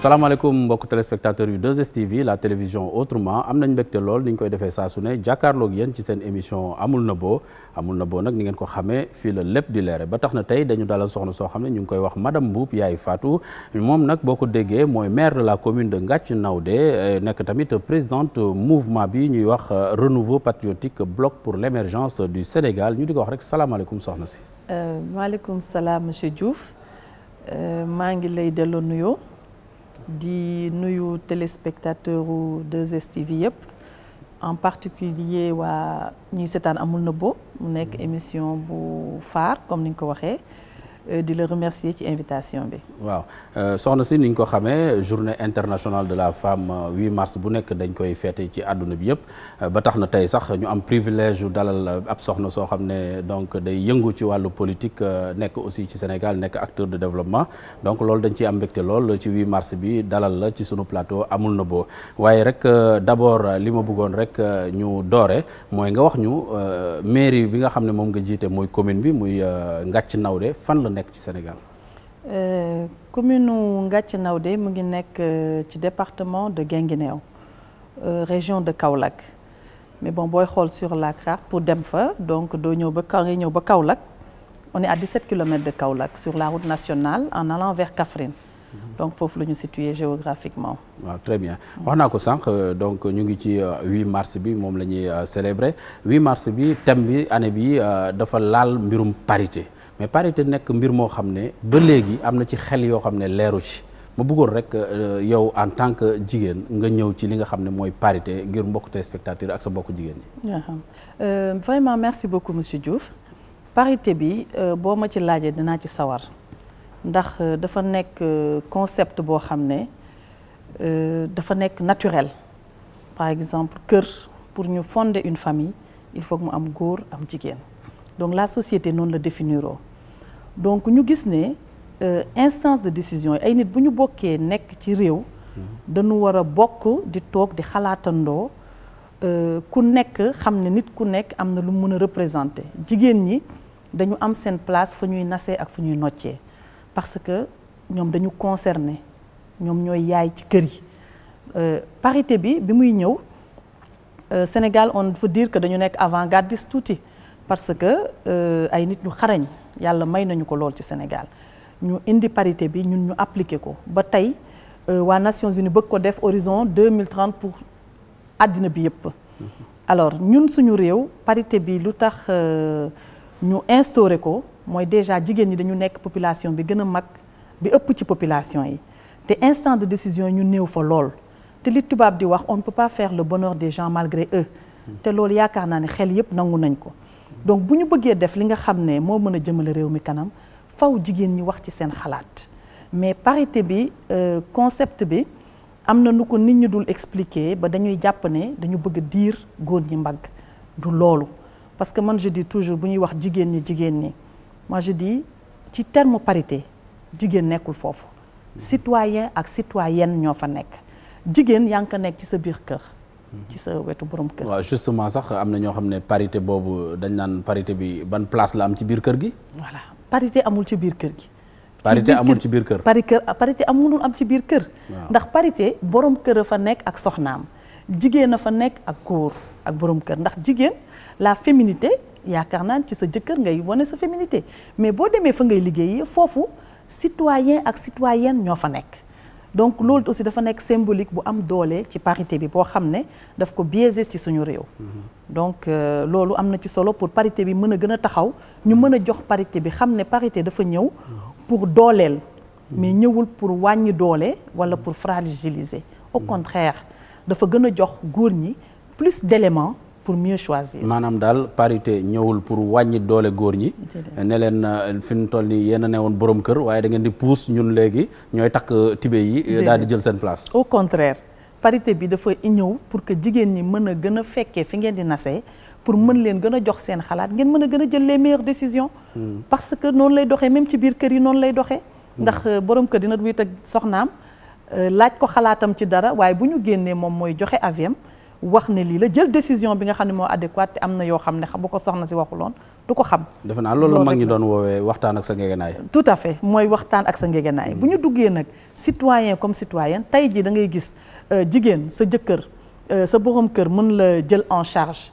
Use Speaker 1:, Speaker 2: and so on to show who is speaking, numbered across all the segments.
Speaker 1: salaamaaleykum mbokk téléspectateurs yu 2STV la télévision autrement am nañ mbégte lool ni ñu koy defee saa su ne jàkkaarloog yéen ci seen émission amul na boo amul na boo nag ni ngeen ko xamee fii la lépp di leere ba tax na tey dañu dalal soxna soo xam ne ñu ngi koy wax madame Mboup yaay Fatou moom nag boo ko déggee mooy maire de la commune de naw Naoudé eh, nekk tamit présidente mouvement bi ñuy wax euh, renouveau patriotique bloc pour l'émergence du Sénégal ñu di ko wax rek salaamaaleykum soxna si.
Speaker 2: Euh, maaleykum salaam monsieur Diouf euh, maa ngi lay delloo nuyoo. di nuyu téléspectateur u 2STV yëpp en particulier waa ñiy seetaan amul nëbbo mu nekk mm-hmm. émission bu faar comme ni nga ko waxee Euh, di la remercier ci invitation bi.
Speaker 1: waaw euh, soxna si ni ñu ko xamee journée internationale de la femme 8 euh, mars bu nekk dañ koy feete ci àdduna bi yëpp ba tax na tey sax ñu am privilège yu dalal ab soxna soo xam ne donc day yëngu ci wàllu politique nekk aussi ci Sénégal nekk acteur de développement donc loolu dañ ciy am mbégte lool ci 8 mars bi dalal la ci sunu plateau amul na boo waaye rek d'abord li ma bëggoon rek ñu doore mooy nga wax ñu mairie bi nga xam ne moom nga jiite mooy commune bi muy Ngathie Naoudé fan nekk ci Sénégal.
Speaker 2: Euh, commune Ngathie Naoudé mu ngi nekk euh, ci département de Guinguinéo euh, région de Kaolack mais bon booy xool sur la carte pour dem fa donc doo ñëw ba kaw ngay ñëw ba Kaolack on est à 17 kilomètres de Kaolack sur la route nationale en allant vers Kaffrine mhm. donc foofu la ñu situé géographiquement.
Speaker 1: waaw très bien wax naa ko sànq donc ñu ngi ci 8 mars bi moom la ñuy mars bi thème bi année bi dafa laal mbirum parité. mais parité nekk mbir moo xam ne ba léegi am na ci xel yoo xam ne leeru ci ma buggoon rek euh, yow en tant que jigéen nga ñëw ci li nga xam ne mooy parité ngir mbokk téléspectateur ak sa mbokk jigéen
Speaker 2: ñi. Um, euh, vraiment merci beaucoup monsieur Diouf parité bi euh, boo ma ci laajee dinaa ci sawar ndax dafa nekk concept boo xam ne dafa nekk naturel par exemple kër pour ñu fonde une famille il faut mu am góor am jigéen donc la société noonu la définiroo donc ñu gis ne euh, instance de décision yi ay nit bu ñu bokkee nekk ci réew dañu war a bokk di toog di xalaatandoo euh, ku nekk xam ne nit ku nekk am na lu mun a représenter jigéen ñi dañu am seen place fu ñuy nasee ak fu ñuy noccee parce que ñoom dañu concerné ñoom ñooy yaay ci kër yi euh, parité bi bi muy ñëw Sénégal on peut diir que dañu nekk avant-gardiste tuuti parce que ay nit ñu xarañ yàlla may nañu ko lool ci Sénégal ñu indi parité bi ñun ñu appliqué ko ba tey euh, waa Nations Unies bëgg ko def horizon 2030 pour àddina bi yëpp alors ñun suñu réew parité bi lu tax euh, ñu instauré ko mooy déjà jigéen ñi dañu nekk population bi gën a mag bi ëpp ci population yi te instant de décision ñu néew fa lool te li tubaab di wax on ne peut pas faire le bonheur des gens malgré eux te loolu yaakaar naa ne xel yëpp nangu nañ ko donc bu ñu bëggee def li nga xam ne moo mën a jëmale réew mi kanam faw jigéen ñi wax ci seen xalaat mais parité bi euh, concept bi am na nu ko nit ñu dul expliquer ba dañuy jàpp ne dañu bëgg diir góor ñi mbagg du loolu parce que man je dis toujours bu ñuy wax jigéen ñi jigéen ñi moi je dis ci terme parité jigéen nekkul foofu citoyen ak citoyenne ñoo fa nekk jigéen yaa ngi ko nekk ci sa biir kër ci sa
Speaker 1: wetu borom kër. waaw sax am na ñoo xam ne parité boobu dañ naan parité bi ban place la ci biir kër gi. voilà parité amul ci biir kër gi. parité amul ci biir kër pari parité amulul am ci biir
Speaker 2: kër. ndax parité borom kër a fa nekk ak soxnaam jigéen a fa nekk ak góor ak borom kër ndax jigéen la féminité yaakaar naan ci sa jëkkër ngay wane sa féminité mais boo demee fa ngay liggéey liggéeyee foofu citoyen ak citoyenne ñoo fa nekk. donc loolu aussi dafa nekk symbolique bu am doole ci parité bi boo xam ne daf ko biaisé ci suñu réew. Mhm. donc euh, loolu am na ci solo pour parité bi mën a gën a taxaw ñu mën a jox parité bi xam ne parité dafa ñëw mhm. pour dooleel. mais mhm. ñëwul pour wàññi doole walla pour fragiliser. au contraire dafa gën a jox góor ñi plus d'éléments. pour mieux choisir.
Speaker 1: maanaam daal parité ñëwul pour wàññi doole góor ñi. ne leen euh, fi mu toll nii yéen a newoon borom kër waaye da ngeen di pousse ñun léegi ñooy takk tibe yi. Euh, daal di jël seen place.
Speaker 2: au contraire parité bi dafa ñëw pour que jigéen ñi mën a gën a fekkee fi ngeen di nasee pour mën leen gën a jox seen xalaat ngeen mën a gën a jël les meilleures décisions. Hmm. parce que noonu lay doxee même ci biir kër yi noonu lay doxee. Hmm. ndax euh, borom kër dina wéet teg soxnaam laaj ko xalaatam ci dara waaye bu ñu génnee moom mooy joxe aviam wax ne lii la jël décision bi nga xam ne moo adéquate te am na yoo xam ne bu ko soxna si waxuloon du ko xam.
Speaker 1: defe naa loolu la mag ñi doon woowee waxtaan ak sa ngégenaay.
Speaker 2: tout à fait mooy waxtaan ak sa ngégenaay hmm. bu ñu duggee nag citoyen comme citoyenne tey ji da ngay gis euh, jigéen sa jëkkër euh, sa borom kër mën la jël en charge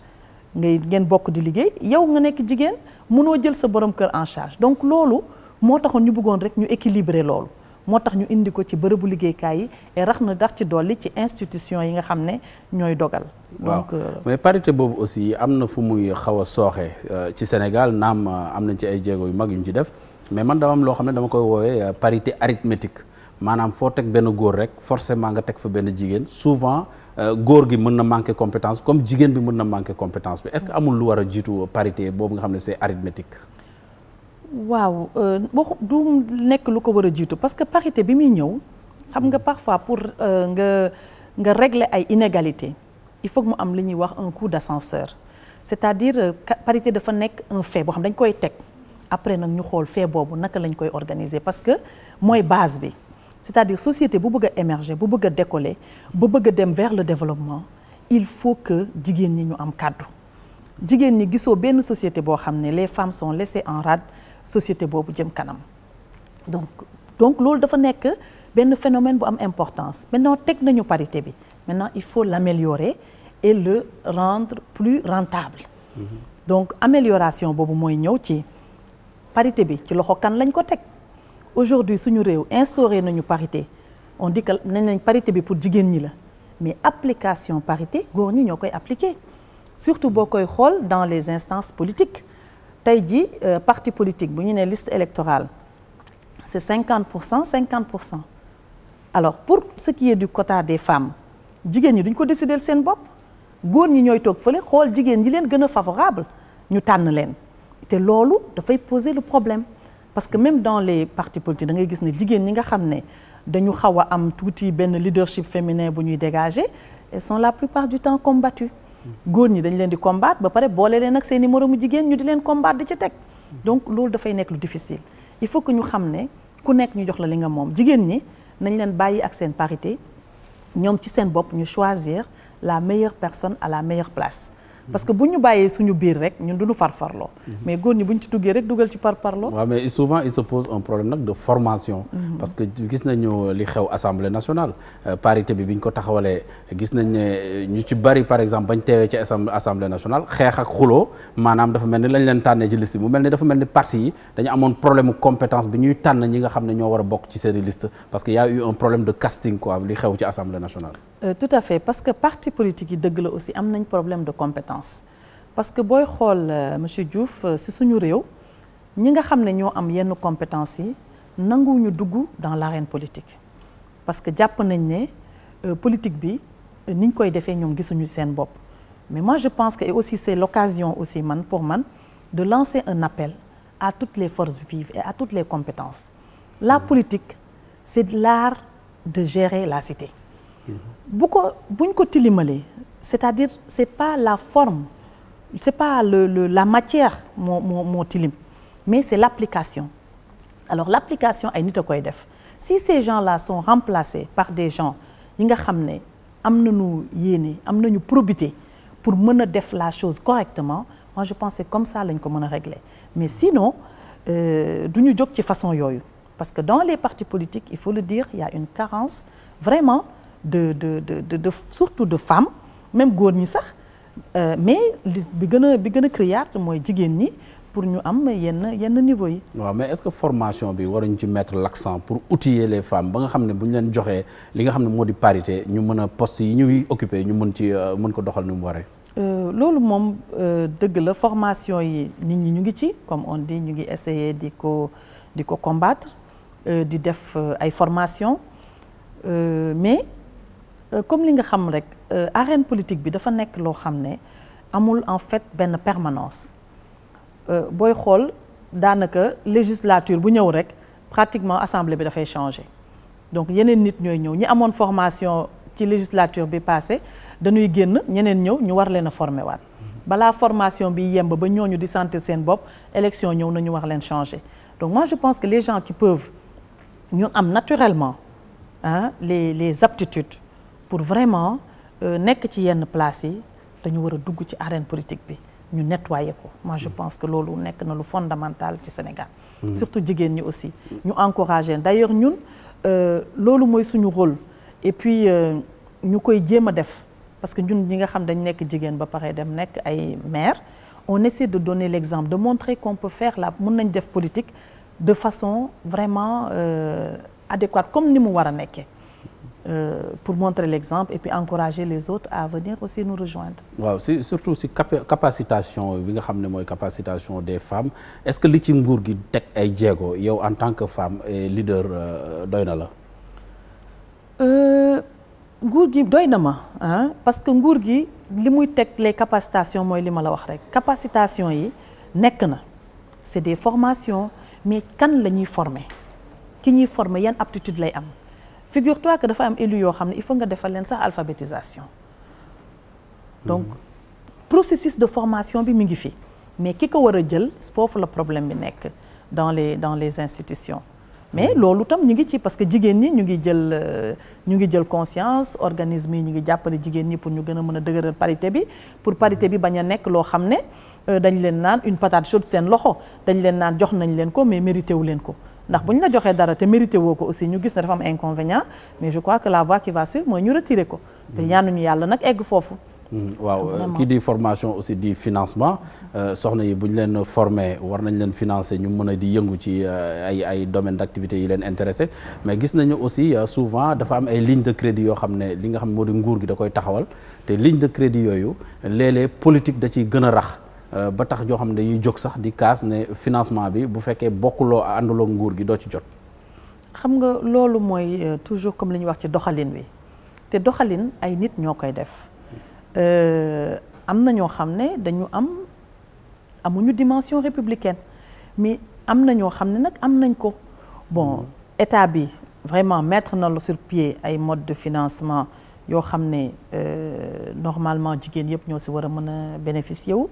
Speaker 2: ngay ngeen bokk di liggéey yow nga nekk jigéen mënoo jël sa borom kër en charge donc loolu moo taxoon ñu buggoon rek ñu équilibrer loolu. moo tax ñu indi ko ci bërëbu liggéeykaay yi et rax na dax ci dolli ci institution yi nga xam ne ñooy dogal. donc
Speaker 3: euh,
Speaker 1: mais parité boobu aussi am na fu muy xaw a sooxe euh, ci Sénégal naam euh, am nañ ci ay jéego yu mag yu ñu def mais man dama am loo xam ne dama koy woowee parité arithmétique maanaam foo teg benn góor rek forcément nga teg fa benn jigéen souvent góor gi mën na manquer compétence comme jigéen bi mën na manquer compétence bi est-ce amul lu war a jiitu parité boobu nga xam ne c'est arithmétique.
Speaker 2: waaw wax euh, du nekk lu ko war a jiitu parce que parité bi muy ñëw xam nga parfois pour euh, nga nga régler ay inégalités il faut mu am li ñuy wax un coup d'ascenseur c'est-à-dire euh, parité dafa nekk un fait boo xam dañ koy teg après nag ñu xool fait boobu naka lañ koy organiser parce que mooy base bi c'est-à-dire société bu bëgg a émerger bu bëgg a décoller bu bëgg a dem vers le développement il faut que jigéen ñi ñu am kàddu jigéen ñi gisoo benn société boo xam ne les femmes sont laissées en rade société boobu jëm kanam donc donc loolu dafa nekk benn phénomène bu am importance maintenant teg nañu parité bi maintenant il faut l'améliorer et le rendre plus rentable mm-hmm. donc amélioration boobu mooy ñëw ci parité bi ci loxo kan lañ ko teg aujourd'hui suñu réew instauré nañu parité on dit nañ nañ parité bi pour jigéen ñi la mais application parité góor ñi ñoo koy appliquer surtout boo koy xool dans les instances politiques tey ji euh, parti politique bu ñu nee list électorale c'est cinquante pour cent cinquante pour cent alors pour ce qui est du quota des femmes jigéen ñi duñ ko décider seen bopp góor ñi ñooy toog fale xool jigéen ñi leen gën a favorable ñu tànn leen te loolu dafay pose lu problème parce que même dans les parti politiques da ngay gis ne jigéen ñi nga xam ne dañu xaw a am tuuti benn leadership féminin bu ñuy dégager elles sont la plupart du temps combattues góor ñi dañ leen di combattre ba pare boole leen ak seen i jigéen ñu di leen combattre di ci teg donc loolu dafay nekk lu difficile il faut que ñu xam ne ku nekk ñu jox la li nga moom jigéen ñi nañ leen bàyyi ak seen parité ñoom ci seen bopp ñu choisir la meilleure personne à la meilleure place parce que bu ñu bàyyee suñu biir rek ñun du ñu farfarloo. mais góor ñi bu ñu ci duggee rek dugal ci parparloo.
Speaker 1: waaw mais souvent il se pose un problème nag de formation. Mhm. parce que gis nañu euh, li xew assemblée nationale euh, parité bi bi ñu ko taxawalee gis nañ ne euh, ñu ci par exemple bañ teewee ci assemblée nationale xeex ak xuloo maanaam dafa mel ni lañ leen tànnee ci liste mu mel ni dafa mel ni parti yi dañu amoon problème compétence bi ñuy tànn ñi nga xam ne ñoo war a bokk ci seen liste parce que y a eu un problème de casting quoi li xew ci assemblée
Speaker 2: Euh, tout à fait parce que parti politique yi dëgg la aussi am nañ problème de compétence parce que booy xool euh, monsieur Diouf euh, si suñu réew ñi nga xam ne ñoo am yenn compétence yi nanguwuñu dugg dans l'arène politique parce que jàpp nañ ne politique bi niñ koy defee ñoom gisuñu seen bopp mais moi je pense que et aussi c'est l'occasion aussi man pour man de lancer un appel à toutes les forces vives et à toutes les compétences la politique c'est l'art de gérer la cité bu ko buñ ko tilimalee c'est-à-dire c'est pas la forme c'est pas la matière moo moo moo tilim mais c'est l'application alors l'application ay nit a koy def si ces gens-là sont remplacés par des gens yi nga xam ne am na ñu yéene am nañu probité pour mën a def la chose correctement moi je pense comme ça lañ ko mën a régler mais sinon euh, du ñu jóg ci façon yooyu parce que dans les partis politiques il faut le dire y a une carence vraiment de de de de surtout de femmes même góor ñi sax euh, mais li bi gën a bi gën a criard mooy jigéen ñi pour ñu am yenn yenn niveau yi.
Speaker 1: waaw mais est-ce que formation bi war waruñ ci mettre l'accent pour outiller les femmes ba nga xam ne bu ñu leen joxee li nga xam ne moo di parité ñu mën a post yi yi occupé ñu mën ci euh, mën ko doxal nu mu waree.
Speaker 2: Euh, loolu moom dëgg la formation yi nit ñi ñu ngi ci comme on di ñu ngi essaie di ko di ko combattre di def ay formation mais. Euh, comme li nga xam rek euh, arène politique bi dafa nekk loo xam ne amul en fait benn permanence euh, booy xool daanaka législature bu ñëw rek pratiquement assemblée bi dafay changer donc yeneen nit ñooy ñëw ñi amoon formation ci législature bi passé dañuy génn ñeneen ñëw ñu war leen a formé waat balaa formation bi yemb ba ñooñu di santé seen bopp élection ñëw nañu wax leen changer donc moi je pense que les gens qui peuvent ñu am naturellement ah les les aptitudes pour vraiment euh, nekk ci yenn place yi dañu war a dugg ci arène politique bi ñu nettoyer ko moi je mm. pense que loolu nekk na lu fondamental ci Sénégal mm. surtout jigéen ñi aussi ñu encourager d'ailleurs ñun euh, loolu mooy suñu rôle et puis euh, ñu koy jéem a def parce que ñun ñi nga xam dañ nekk jigéen ba paree dem nekk ay maire on essaie de donner l'exemple de montrer qu'on peut faire la mën nañ def politique de façon vraiment euh, adéquate comme ni mu war a nekkee Euh, pour montrer l'exemple et puis encourager les autres à venir aussi nous rejoindre.
Speaker 1: waaw surtout si capacitation bi nga xam ne mooy capacitation des femmes est-ce que li ci nguur gi teg ay jéego yow en tant que femme et leader euh, doy na la.
Speaker 2: Euh, nguur gi doy na ma ah parce que nguur gi li muy teg les capacitations mooy li ma la wax rek capacitation yi nekk na c'est des formations mais kan la ñuy former ki ñuy former yan aptitude lay am. figure toi que dafa am élu yoo xam ne il faut nga defal leen sax alphabétisation donc processus de formation bi mu ngi fi mais ki ko war a jël foofu la problème bi nekk dans les dans les institutions mais loolu tam ñu ngi ci parce que jigéen ñi ñu ngi jël euh, ñu ngi jël conscience organisme yi ñu ngi jàppale jigéen ñi pour ñu gën a mën a dëgëral parité bi pour parité bi bañ a nekk loo xam ne euh, dañ leen naan une patate chaude seen loxo dañ leen naan jox nañ leen ko mais mérité wu leen ko ndax bu ñu la joxee dara te mérité woo ko aussi ñu gis ne dafa am inconvénient mais je crois que la voie qui va suivre mooy ñu retirer ko te mm-hmm. ñaanuñu yàlla nag egg foofu
Speaker 1: mm-hmm. waaw euh, kii di formation aussi di financement euh, soxna yi bu ñu leen formé war nañ leen financer ñu mën a di yëngu ci euh, ay ay domaine d' yi leen intéressé mais gis nañu aussi souvent dafa am ay ligne de crédit yoo xam ne li nga xam ne moo di nguur gi da koy taxawal te ligne de crédit yooyu léeg politique da ciy gën a rax Euh, ba tax joo xam ne dañuy jóg sax di kaas ne financement bi bu fekkee bokkuloo ànduloo nguur gi doo ci jot.
Speaker 2: xam nga loolu mooy euh, toujours comme li ñuy wax ci doxalin wi te doxalin ay nit ñoo koy def euh, am na ñoo xam ne dañu am amuñu dimension républicaine mais am na ñoo xam ne nag am nañ ko bon mm. état bi vraiment mettre na la sur pied ay mode de financement yoo xam ne normalement jigéen yëpp ñoo si war a mën a bénéficier wu.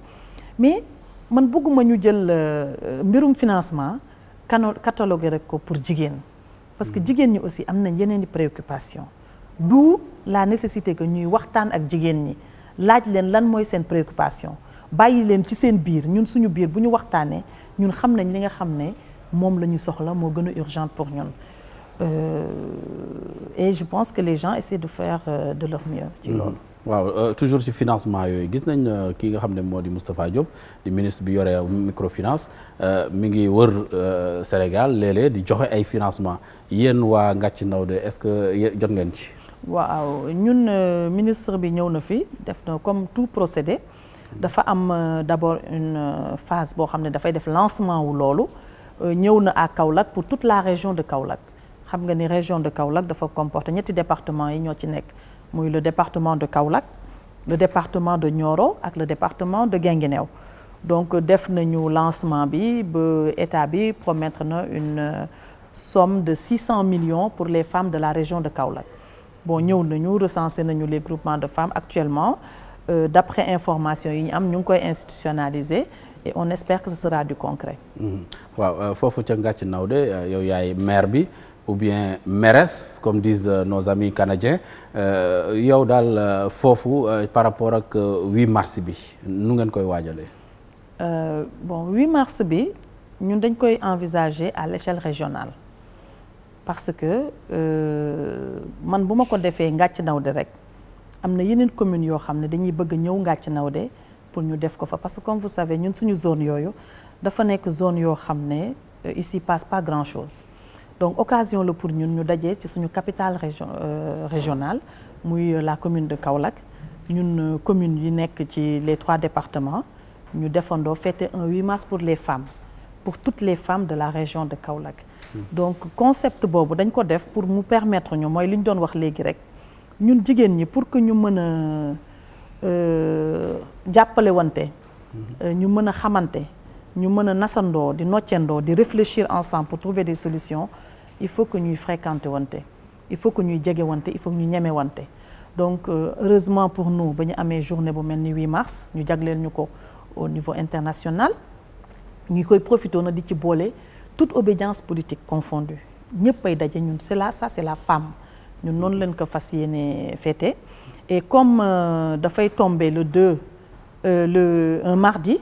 Speaker 2: mais man bëgguma ñu jël euh, mbirum financement cano catalogué rek ko pour jigéen parce que hmm. jigéen ñi aussi am nañ yeneen i préoccupation d'où la nécessité que ñuy waxtaan ak jigéen ñi laaj leen lan mooy seen préoccupation bàyyi leen ci seen biir ñun suñu biir bu ñu waxtaanee ñun xam nañ li nga xam ne moom la ñu soxla moo gën a urgent pour ñun euh, et je pense que les gens essaient de faire euh, de leur mieux ci hmm. loolu
Speaker 1: waaw euh, toujours ci financement yooyu gis nañ euh, kii nga xam ne moo di Moustapha Diop di ministre bi yore microfinance euh, mi ngi wër Sénégal léeg di joxe ay financement yéen waa Ngathie de est-ce que jot ngeen ci.
Speaker 2: waaw ñun ministre bi ñëw na fi def na comme tout procédé dafa am d'abord une phase boo xam ne dafay def lancement wu loolu ñëw na à Kaolack pour toute la région de Kaolack xam nga ni région de Kaolack dafa comporter ñetti départements yi ñoo ci nekk. muy le département de Kaolack le département de Nioro ak le département de Guinguinéo donc def nañu lancement bi ba état bi promettre na une euh, somme de 600 millions pour les femmes de la région de Kaolack bon ñëw nañu recensé nañu les groupements de femmes actuellement euh, d'après information yi ñu am ñu ngi koy institutionnaliser et on espère que ce sera du concret.
Speaker 1: Mmh. waaw euh, foofu ca Ngathie Nawde euh, yow yaay maire bi. ou bien meres comme disent euh, nos amis canadiens euh, yow daal euh, foofu par rapport ak 8 mars bi nu ngeen koy waajalee.
Speaker 2: bon 8 mars bi ñun dañ koy envisager à l'échelle régionale parce que man bu ma ko defee Ngathie de rek am na yeneen communes yoo xam ne dañuy bëgg ñëw naw de pour ñu def ko fa parce que comme vous savez ñun suñu zone yooyu dafa nekk zone yoo xam ne ici passe pas grand chose. donc occasion la pour ñun ñu dajee ci suñu capital région euh, régionale muy euh, la commune de Kaolack ñun euh, commune yi nekk ci les trois départements ñu defandoo fête un huit mars pour les femmes pour toutes les femmes de la région de Kaolack hmm. donc concept boobu dañ ko def pour mu permettre ñu mooy li ñu doon wax léegi rek ñun jigéen ñi pour que ñu mën a jàppale wante hmm. ñu mën a xamante ñu mën a nasandoo di noccandoo di réfléchir ensemble pour trouver des solutions il faut que ñuy fréquenter wante il faut que ñuy jege wante il faut ñu ñeme wante donc euh, heureusement pour nous ba ñu amee journée bu mel ni 8 mars ñu jagleel ñu ko au niveau international ñu koy profité na di ci boole toute obédience politique confondue ñëpp ay daje ñun c'est la ça c'est la femme ñun noonu leen ko fas yéene fêté et comme euh, dafay tombe le 2 euh, le un mardi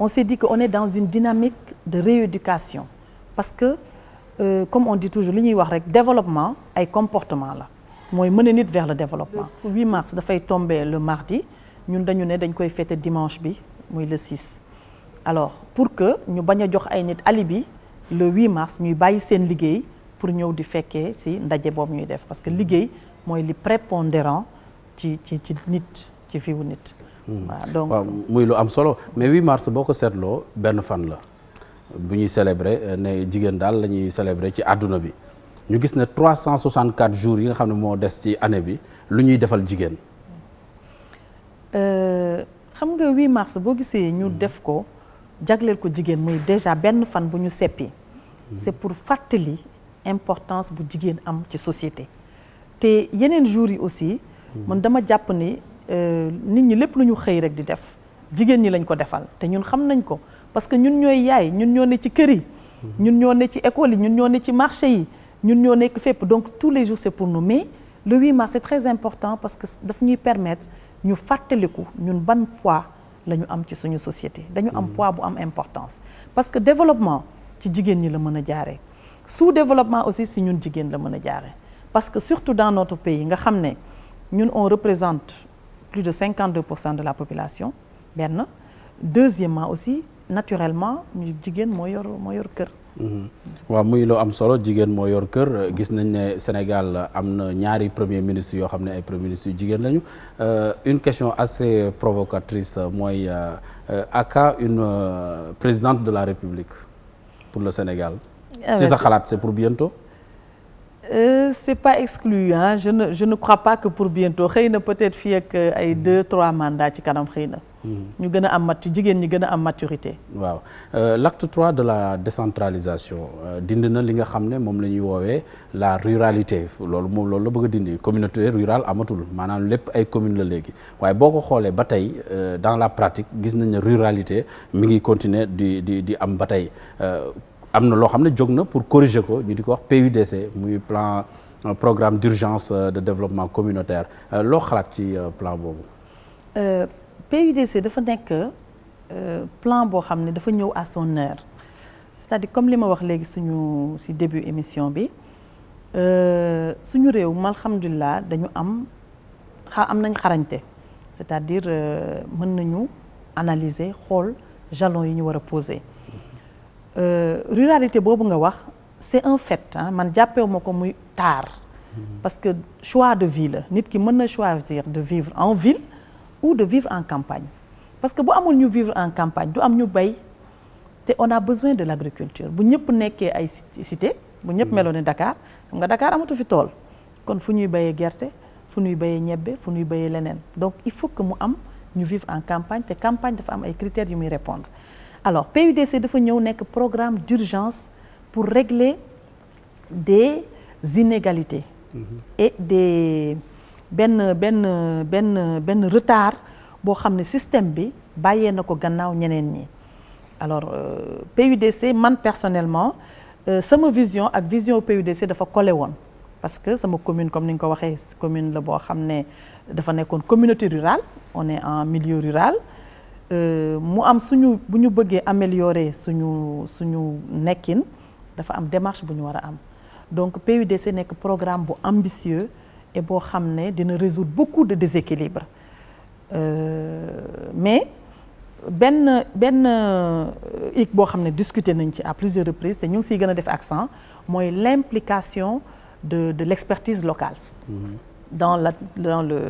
Speaker 2: on s'est dit que on est dans une dynamique de rééducation parce que euh, comme on dit toujours li ñuy wax rek développement ay comportement la mooy mën a nit vers le développement. le mars dafay tombe le mardi ñun dañu ne dañ koy fêter dimanche bi muy le 6. alors pour que ñu bañ a jox ay nit alibi le 8 mars ñuy bàyyi seen liggéey pour ñëw di fekkee si ndaje boobu ñuy def parce que liggéey mooy li prépondérant ci ci ci nit ci fiwu nit.
Speaker 1: Hmm. waaw donc muy lu am solo mais 8 mars boo ko seetloo benn fan la. bu ñuy célébrer euh, ne jigéen daal la ñuy célébrer ci àdduna bi ñu gis ne 364 jours yi nga xam ne moo des ci année bi lu ñuy defal jigéen.
Speaker 2: Euh, xam nga 8 mars boo gisee ñu hmm. def ko jagleel ko jigéen muy déjà benn fan bu ñu seppi. Hmm. c'est pour fàttali importance bu jigéen am ci société. te yeneen jours yi aussi. Hmm. man dama jàpp ni euh, nit ñi lépp lu ñu xëy rek di def jigéen ñi lañ ko defal te ñun xam nañ ko. parce que ñun ñooy yaay ñun ñoo ne ci kër yi ñun ñoo ne ci école yi ñun ñoo ne ci marché yi ñun ñoo nekk fépp donc tous les jours c'est pour nu mais le 8 mars c'est très important parce que daf ñuy permettre ñu fàttaliku ñun ban poids la ñu am ci suñu société dañu am poids bu am importance parce que développement ci jigéen ñi la mën a jaare sous-développement aussi si ñun jigéen la mën a jaaree parce que surtout dans notre pays nga xam ne ñun on représente plus de 52 pour cent de la population benn deuxièmement aussi naturellement ñu jigéen moo yor moo yor kër.
Speaker 1: Mhm. waaw muy loo am solo jigéen moo yor kër gis nañ ne Sénégal am na ñaari premier ministre yoo xam ne ay premier ministre yu jigéen lañu euh, une question assez provocatrice mooy euh, aka une euh, présidente de la République pour le Sénégal. Ah ci sa xalaat c'est pour bientôt.
Speaker 2: Euh, c'est pas exclu hein je ne crois pas que pour bientôt xëy na peut-être fii ak ay mhm. deux trois mandats ci kanam xëy na. ñu gën a am mat jigéen ñi gën a am maturité.
Speaker 1: waaw euh, l'acte trois de la décentralisation euh, dindi na li nga xam ne moom la ñuy woowee la ruralité loolu moom loolu la bëgg a dindi communauté rurale amatul maanaam lépp ay commune la léegi waaye boo ko xoolee ba tey euh, dans la pratique gis nañ ne ruralité mi ngi continuer di di di am ba tey am na loo xam ne jog na pour corriger ko ñu di ko wax PUDC muy plan programme d'urgence de développement communautaire loo xalaat ci plan boobu.
Speaker 2: PUDC dafa nekk euh, plan boo xam ne dafa ñëw à son heure c'est-à-dire comme li ma wax léegi suñu ci début émission bi euh, suñu réew mi alhamdulilah dañu am xa am nañ xarañte c'est-à-dire euh, mën nañu analyser xool jalons yi ñu war a poser ruralité boobu nga wax c'est un fait ah man jàppewu ko muy taar mm-hmm. parce que choix de vie la nit ki mën na choisir de vivre en ville ou de vivre en campagne parce que bu amul ñu vivre en campagne du am ñu bay te on a besoin de l' agriculture bu ñëpp nekkee ay cité bu ñëpp mm-hmm. meloon ne Dakar nga Dakar amatu fi tool kon fu ñuy bayee gerte fu ñuy bayee ñebbe fu ñuy bayee leneen donc il faut que mu am ñu vivre en campagne te campagne dafa am ay critères yu muy répondre alors PUDC dafa ñëw nekk programme d'urgence pour régler des inégalités mm-hmm. et des benn benn benn benn retard boo xam ne système bi bàyyee na ko gannaaw ñeneen ñi alors euh, PUDC man personnellement euh, sama vision ak vision PUDC dafa collé woon parce que sama commune comme ni nga ko waxee commune la boo xam ne dafa nekkoon communauté rurale on est en milieu rural euh, mu am suñu bu ñu bëggee améliorer suñu suñu nekkin dafa am démarche bu ñu war a am donc PUDC nekk programme bu ambitieux boo xam ne dina résoudre beaucoup de déséquilibres euh, mais benn benn euh, hic boo xam ne discuter nañ ci à plusieurs reprises te ñu ngi siy gën a def accent mooy l'implication de de l'expertise locale. Mm-hmm. dans la dans le.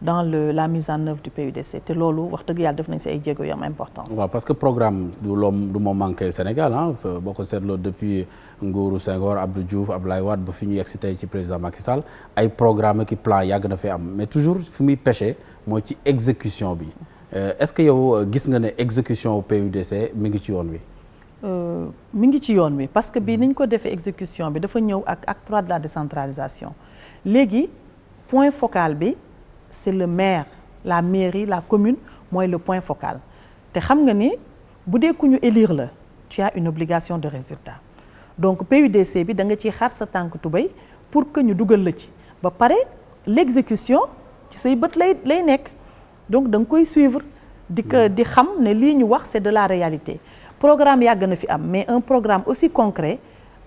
Speaker 2: dans le la mise en œuvre du PUDC te loolu wax dëgg yàlla def nañ si ay jéego yu am importance. waaw
Speaker 1: parce que programme du loom du moo manqué Sénégal ah boo ko seetloo depuis nguuru Senghor Abdou Diouf Abdoulaye Wade ba fi ñu yegg si tey ci président Macky Sall ay programme ki plan yàgg na fi am mais toujours muy pêché mooy ci exécution bi euh, est-ce que yow euh, gis nga ne execution exécution PUDC mi ngi ci yoon wi.
Speaker 2: Euh, mu ngi ci yoon wi parce que bii ni ko defee exécution bi dafa ñëw ak acte trois de la décentralisation léegi point focal bi. c'est le maire la mairie la commune mooy le point focal te xam nga ni bu dee ku ñu élire la tu as une obligation de résultat donc PUDC bi da nga ciy xar sa tànk tubéy pour que ñu dugal la ci ba pare l'exécution ci say bët lay lay nekk donc da nga koy suivre di ko di xam ne lii ñu wax c'est de la réalité programme yàgg na fi am mais un programme aussi concret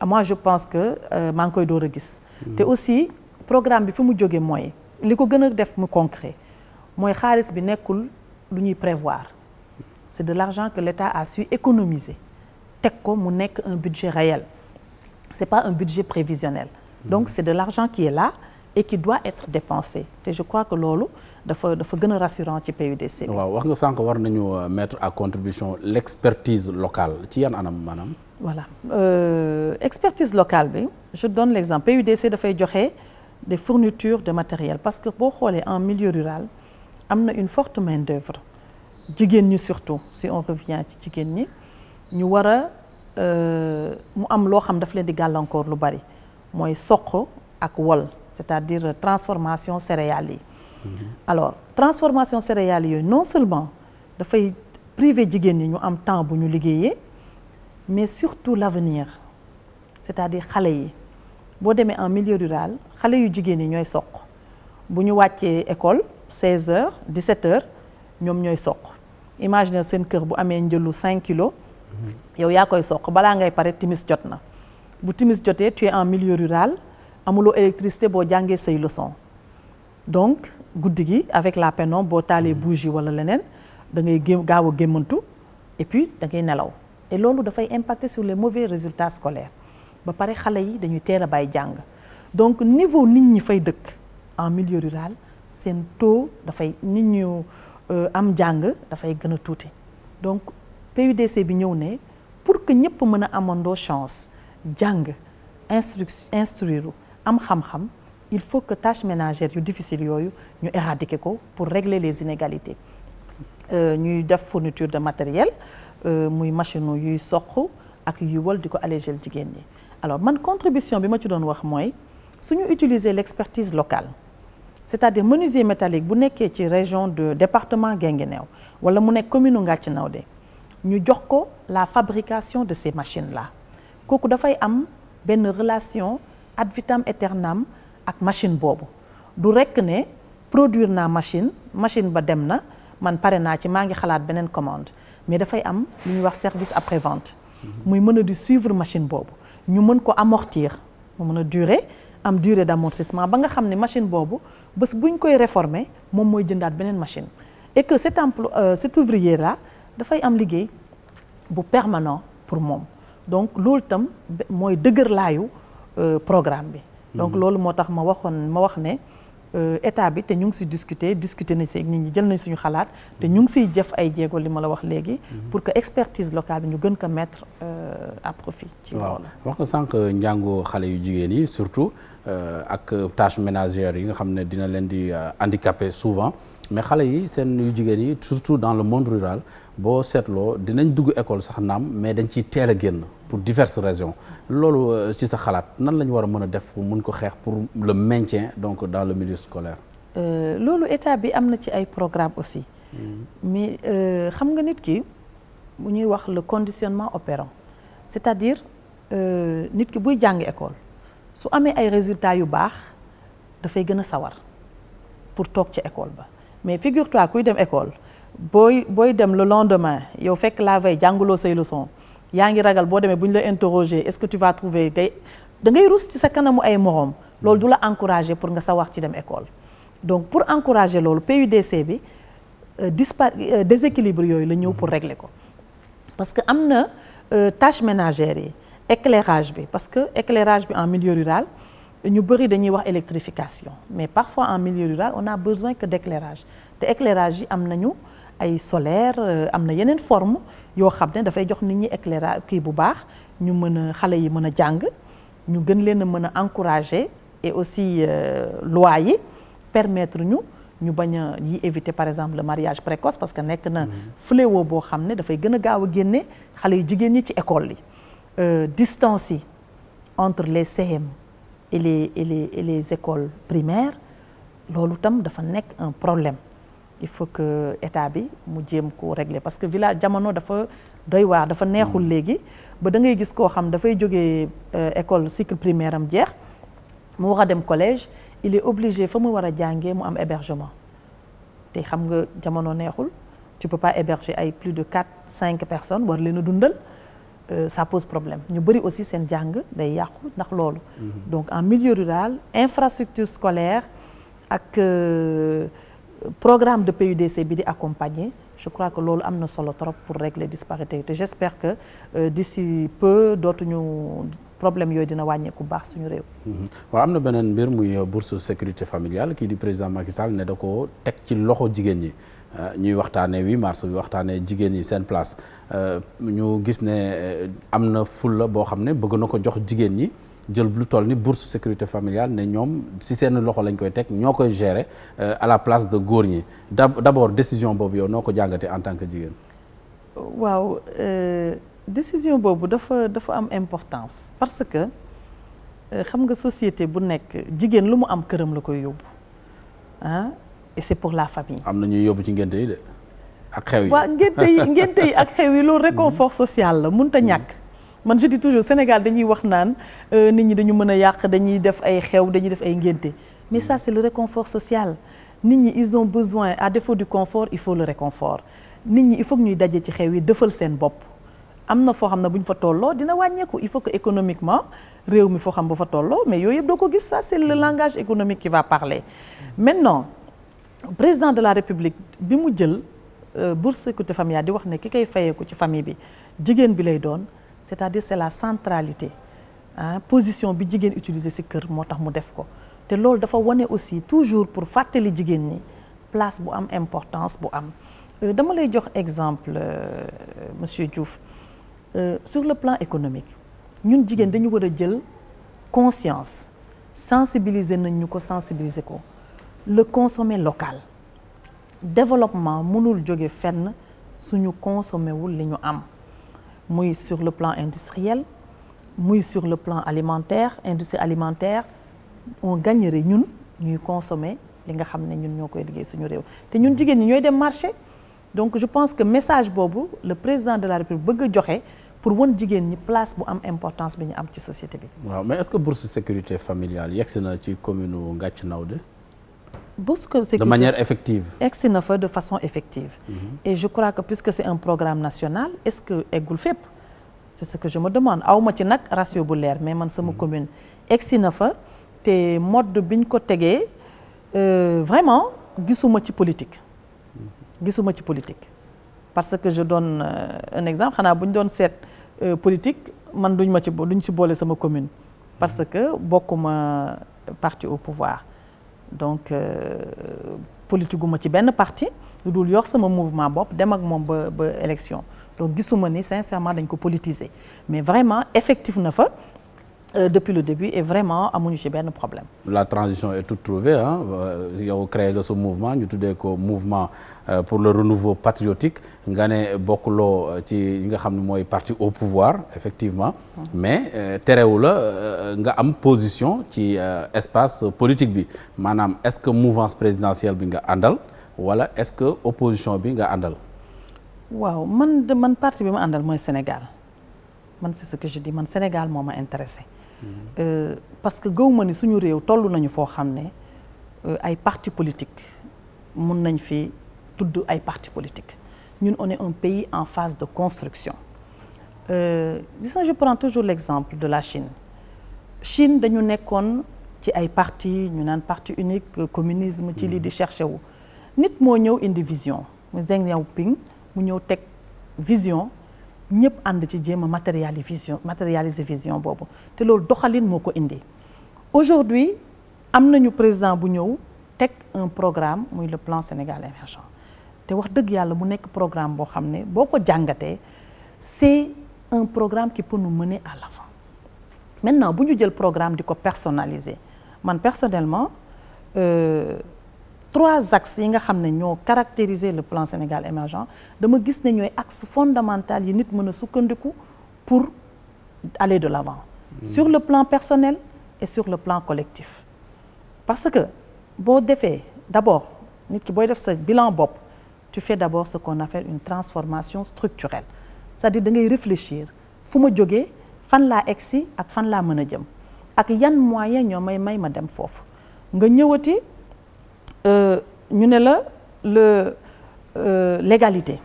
Speaker 2: moi je pense que euh, maa ngi koy door a gis mm. te aussi programme bi fi mu jógee mooy li ko gën a def mu concret mooy xaalis bi nekkul lu ñuy prévoir c'est de l'argent que l'État a su économiser teg ko mu nekk un budget réel c'est pas un budget prévisionnel donc mmh. c'est de l'argent qui est là et qui doit être dépensé te je crois que loolu dafa dafa gën rassurant ci PUDC waaw
Speaker 1: wax nga sànq war nañu euh, mettre à contribution l'expertise locale ci yan anam maanaam
Speaker 2: voilà euh, expertise locale bi je donne l'exemple PUDC dafay joxe des fourniture de matériel parce que boo xoolee en milieu rural am na une forte main d'œuvre jigéen ñi surtout si on revient ci jigéen ñi ñu war a euh, mu am loo xam daf leen di gàllankoor lu bari mooy soq ak wol c'est-à-dire transformation céréales yi mm-hmm. alors transformation céréales yooyu non seulement dafay privé jigéen ñi ñu am temps bu ñu liggéeyee mais surtout l'avenir c'est-à-dire xale yi boo demee en milieu rural xale yu jigéen ñi ñooy soq bu ñu wàccee école 16h 17h ñoom ñooy soq imagine seen kër bu amee njëlu 5 kilos yow yaa koy soq balaa ngay pare timis jot na bu timis jotee tu es en milieu rural amuloo électricité boo jàngee say leçon donc guddi gi avec la pénombre boo taalee yi mm. wala leneen da ngay gé gaaw a gémmantu et puis da ngay nelaw et loolu dafay impacte sur les mauvais résultats scolaires ba pare xale yi dañuy teel a bàyyi jàng donc niveau nit ñi fay dëkk en milieu rural seen taux dafay nit ñu euh, am jàng dafay gën a tuuti donc PUDC bi ñëw ne pour que ñëpp mën a amandoo chance jàng instru instruire am xam-xam il faut que tâches ménagères yu difficile yooyu ñu éradiquer ko pour régler les inégalités euh, ñuy def fourniture de matériel euh, muy machine yuy soq ak yuy wal di ko alléger jigéen ñi alors man contribution bi ma ci doon wax mooy suñu utiliser l'expertise locale c'est-à-dire menuisier métalique bu nekkee ci région de département gee Guinguinéo wala mu nekk commune naw de ñu jox ko la fabrication de ces machines la kooku dafay am benn relation at vitam aeternam ak machine boobu du rekk ne produire naa machine machine ba dem na man pare naa ci maa ngi xalaat beneen commande mais dafay am lu ñuy wax service après vente mm-hmm. muy mën a di suivre machine boobu ñu mën ko amortir mu mën a durer am durée d'amortissement ba nga xam ne machine boobu bés bu ñu koy réformer moom mooy jëndaat beneen machine et que cet emploi euh, cet ouvrier là dafay am liggéey bu permanent pour moom donc loolu tam mooy dëgërlaayu euh, programme bi donc mmh. loolu moo tax ma waxoon ma wax ne Euh, état bi te ñu ngi si discuter discuter na si nit ñi jël nañ suñu xalaat te ñu ngi siy jëf ay jéego li ma la wax léegi mhm. pour que expertise locale bi ñu gën ko mettre euh, à profit
Speaker 1: ci waaw wax nga sànq njàngoo xale yu jigéen yi surtout euh, ak tâches ménagères yi nga xam ne dina leen di handicapé souvent mais xale yi seen yu jigéen yi surtout dans le monde rural boo seetloo dinañ dugg école sax naam mais dañ ciy teel a génn pour diverses raisons loolu euh, ci sa xalaat nan la ñu war a mën a def pour mun ko xeex pour le maintien donc dans le milieu scolaire.
Speaker 2: Euh, loolu état bi am na ci ay programme aussi. Mm. mais euh, xam nga nit ki bu ñuy wax le conditionnement opérant c'est-à-dire nit ki buy jàng école su amee ay résultats yu baax dafay gën a sawar pour toog ci école ba. mais figure-toi kuy dem école booy booy dem le lendemain yow fekk la veille jànguloo say leçon yaa ngi ragal boo demee bu ñu la interroger est-ce que tu vas trouver day da ngay rus ci sa kanamu ay morom loolu du la encourager pour nga sa wax ci dem école donc pour encourager loolu PUDC bi euh, dispar euh, déséquilibre yooyu la ñëw pour régler ko parce que am na euh, tâches ménagères yi éclairage bi parce que éclairage bi en milieu rural ñu bëri dañuy wax électrification mais parfois en milieu rural on a besoin que d'éclairage te éclairage yi am nañu ay solaire euh, am na yeneen forme yoo xam ne dafay jox nit ñi éclairage kii bu baax ñu mën a xale yi mën a jàng ñu gën leen a mën a encourager et aussi euh, loi yi permettre ñu ñu bañ a yi éviter par exemple le mariage précoce parce que nekk na mm-hmm. fléau boo xam ne dafay gën a gaaw a génne xale yi jigéen ñi ci école yi euh, distance yi entre les CM et les et les et les écoles primaires loolu tam dafa nekk un problème il faut que état bi mu jéem ko régler parce que village jamono dafa doy waar dafa neexul hmm. léegi ba da ngay gis koo xam dafay jógee euh, école cycle primaire am jeex mu war a dem collège il est obligé fa mu war a jàngee mu am hébergement te xam nga jamono neexul tu peux pas héberger ay plus de quatre cinq personnes war leen a dundal Euh, ça pose problème ñu bëri aussi seen jàng day yàqu ndax loolu donc en milieu rural infrastructure scolaire ak euh, programme de PUDC bi di accompagner je crois que loolu am na solo trop pour régler disparité yi te j'espère que euh, d'ici peu dootuñu problème yooyu dina wàññeeku baax suñu réew.
Speaker 1: Mm-hmm. waa am na beneen mbir muy bourse sécurité familiale kii di président Macky Sall ne da ko teg ci loxo jigéen ñi. Euh, ñuy waxtaanee 8 mars bi waxtaanee jigéen ñi seen place euh, ñu gis ne euh, am na fulla boo xam ne bëgg na ko jox jigéen ñi jël lu toll ni bourse sécurité familiale ne ñoom si seen loxo lañ koy teg ñoo koy gérer à la place de góor ñi d'abord décision boobu yow noo ko jàngatee en tant que jigéen.
Speaker 2: waaw décision boobu dafa dafa am importance parce que xam nga société bu nekk jigéen lu mu am këram la koy yóbbu et c'est pour la famille.
Speaker 1: am na ñuy yóbbu ci ngénte yi de ak xew yi. waaw ngénte yi ak
Speaker 2: xew yi loolu réconfort social la mënut a mm-hmm. ñàkk. man je dis toujours Sénégal dañuy wax naan euh, nit ñi dañu mën a yàq dañuy def ay xew dañuy def ay ngénte mais ça c'est le réconfort social nit ñi ils ont besoin à défaut du confort il faut le réconfort nit ñi il faut ñuy daje ci xew yi defal seen bopp. am na foo xam ne bu ñu fa tolloo dina wàññeeku il faut que économiquement réew mi foo xam bu fa tolloo mais yooyu yëpp doo ko gis ça c'est le mm-hmm. langage économique qui va parler maintenant. président de la république bi mu jël euh, bourse sécurité familiale di wax ne ki koy fayeeku ci famille bi jigéen bi lay doon c'est-à-dire c'est la centralité ah position bi jigéen utiliser si kër moo tax mu def ko te loolu dafa wane aussi toujours pour fàttali jigéen ñi place bu am importance bu am euh, dama lay jox exemple euh, monsieur Diouf sur le plan économique ñun jigéen dañu war a jël conscience sensibiliser nañ ñu ko sensibiliser ko le consommer local développement mënul jóge fenn suñu consommer wul li ñu am muy sur le plan industriel muy sur le plan alimentaire industrie alimentaire on gagnerait ñun ñuy consommer li nga xam ne ñun ñoo koy liggéey suñu réew te ñun jigéen ñi ñooy dem marché donc je pense que message boobu le président de la république bëgg joxe pour wan jigéen ñi place bu am importance bi ñu am ci société bi.
Speaker 1: waaw mais est-ce que bourse sécurité familiale yegsi na ci commune Ngathie Naoudé
Speaker 2: bourse sécurité de manière effective egsi na fa de façon effective mhm. et je crois que puisque c'est un programme national est-ce que eggul fépp c'est ce que je me demande awma ci nag ratio bu leer mais man sama mhm. commune egsi na fa te mode biñ ko tegee euh, vraiment gisuma ci politique mhm. gisuma ci politique parce que je donne euh, un exemple xanaa bu ñu doon seet euh, politique man duñ ma ci duñ ci boole sama commune parce que bokkuma parti au pouvoir donc euh, politique gu ci benn parti lu dul yor sama mouvement bopp dem ak moom ba ba élection donc gisuma ni sincèrement dañ ko politiser mais vraiment effectif na fa Euh, depuis le début et vraiment amuñu ci benn problème.
Speaker 1: La transition est toute trouvée ah yow créé nga sa mouvement ñu tuddee ko mouvement euh, pour le renouveau patriotique nga ne bokkuloo euh, ci yi nga xam ne mooy parti au pouvoir effectivement. Mmh. mais terewu la nga am position ci espace politique bi maanaam est-ce que mouvance présidentielle bi nga àndal wala est-ce que opposition bi nga àndal.
Speaker 2: waaw man de man parti bi ma àndal mooy Sénégal man c'est ce que man Sénégal moom ma intéressé. Euh, parce que gëw ma ni suñu réew toll nañu foo xam ne euh, ay parti politique mun nañ fi tudd ay parti politique ñun on est un pays en phase de construction euh, gis nga je prends toujours l'exemple de la Chine Chine dañu nekkoon ci ay parti ñu naan parti unique communisme ci lii di mm-hmm. cherché wu nit moo ñëw indi vision mu Deng Xiaoping mu ñëw teg vision ñëpp ànd ci jéem a matérialiser vision matérialiser vision boobu te loolu doxalin moo ko indi aujourd'hui am nañu président bu ñëw teg un programme muy le plan Sénégal émergent te wax dëgg yàlla mu nekk programme boo xam ne boo ko jàngatee c'est un programme qui peut nous mener à l'avant maintenant bu ñu jël programme di ko personnaliser man personnellement euh, trois axes yi nga xam ne ñoo caractériser le plan Sénégal émergent dama gis ne ñooy axe fondamental yi nit mën a sukkandiku pour aller de l'avant mmh. sur le plan personnel et sur le plan collectif parce que boo defee d'abord nit ki booy def sa bilan bopp tu fais d'abord ce qu'on appelle une transformation structurelle c'est-à-dire da ngay réfléchir fu ma jógee fan laa egsi ak fan laa mën a jëm ak yan moyen ñoo may may ma dem foofu nga ñëwati Euh, ñu ne la le euh, l'égalité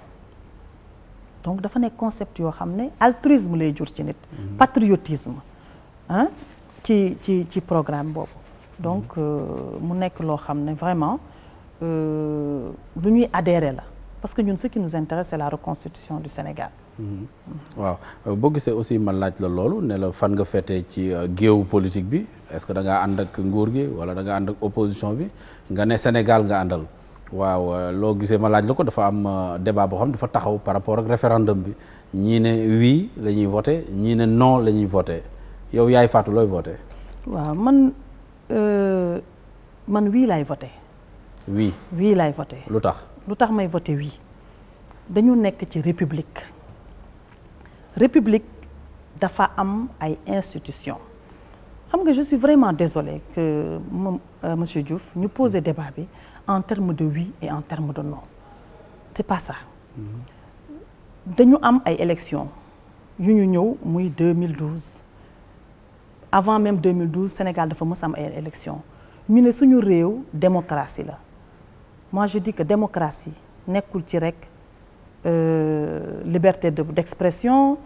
Speaker 2: donc dafa nekk concept yoo xam ne altruisme lay jur ci nit mhm. patriotisme ah ci ci ci programme boobu donc mhm. euh, mu nekk loo xam ne vraiment euh, lu ñuy adhérer la parce que ñun ce qui nous intéresse la reconstitution du Sénégal
Speaker 1: mhm. waaw boo gisee aussi man laaj la loolu ne la fan nga fete ci géewu politique bi est-ce que da ngaa ànd ak nguur gi wala da ànd ak opposition bi nga ne Sénégal nga àndal waaw euh, loo gisee ma laaj la ko dafa am euh, débat boo xam dafa taxaw par rapport ak référendum bi ñii ne oui la ñuy voté ñii ne non la ñuy voté yow yaay Fatou looy voté.
Speaker 2: waaw man wii euh, oui laay voté.
Speaker 1: oui oui laay voté. lu tax
Speaker 2: lu tax may voté oui dañu nekk ci république république dafa am ay institutions. xam nga je suis vraiment désolée que moom euh, monsieur Diouf ñu poser débat bi en termes de oui et en termes de non c'est pas ça mm-hmm. dañu am ay élections yu ñu ñëw muy 2012 avant même 2012 Sénégal dafa mës am ay élections ñu ne suñu réew démocratie la moi je dis que démocratie nekkul ci rekk euh, liberté d'expression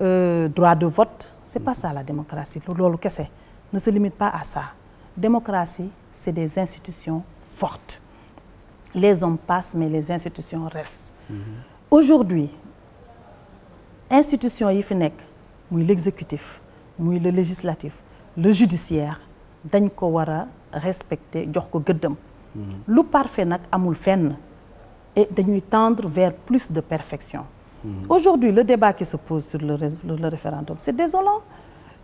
Speaker 2: euh, droit de vote c'est pas ça la démocratie loolu kese ne se limite pas à ça démocratie c'est des institutions fortes les hommes passent mais les institutions restent mmh. aujourd'hui institutions yi fi nekk muy l'exécutif muy le législatif le judiciaire dañ ko war a respecter jox ko gëddëm
Speaker 3: mm-hmm. lu
Speaker 2: parfait nag amul fenn et dañuy tendre vers plus de perfection Mm-hmm. aujourd'hui le débat qui se pose sur le le référendum c'est désolant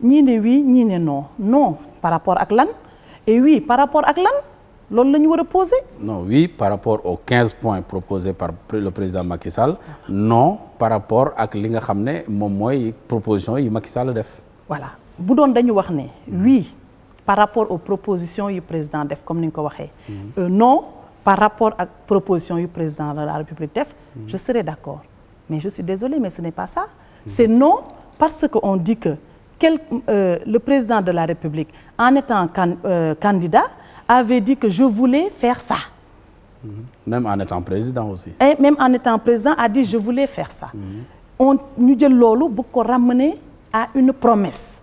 Speaker 2: ñii ne wii ñii ne non non par rapport ak lan et oui par rapport ak lan loolu la ñu war a poser
Speaker 1: non oui par rapport aux quinze points proposés par le président Macky Sall non par rapport ak li nga xam ne moom mooy proposition yi Macky Sall def
Speaker 2: voilà bu doon dañu wax ne oui par rapport aux propositions yi président def comme ni nga ko waxee mm-hmm. euh, non par rapport ak proposition yu président de la République def mm-hmm. je serai mais je suis désolée mais ce n'est pas ça mm. c'est non parce que on dit que quel euh, le président de la République en étant can, euh, candidat avait dit que je voulais faire ça
Speaker 1: mm-hmm. même en étant président
Speaker 2: même en étant président a dit je voulais faire ça mm-hmm. on ñu jël loolu bu ko ramener à une promesse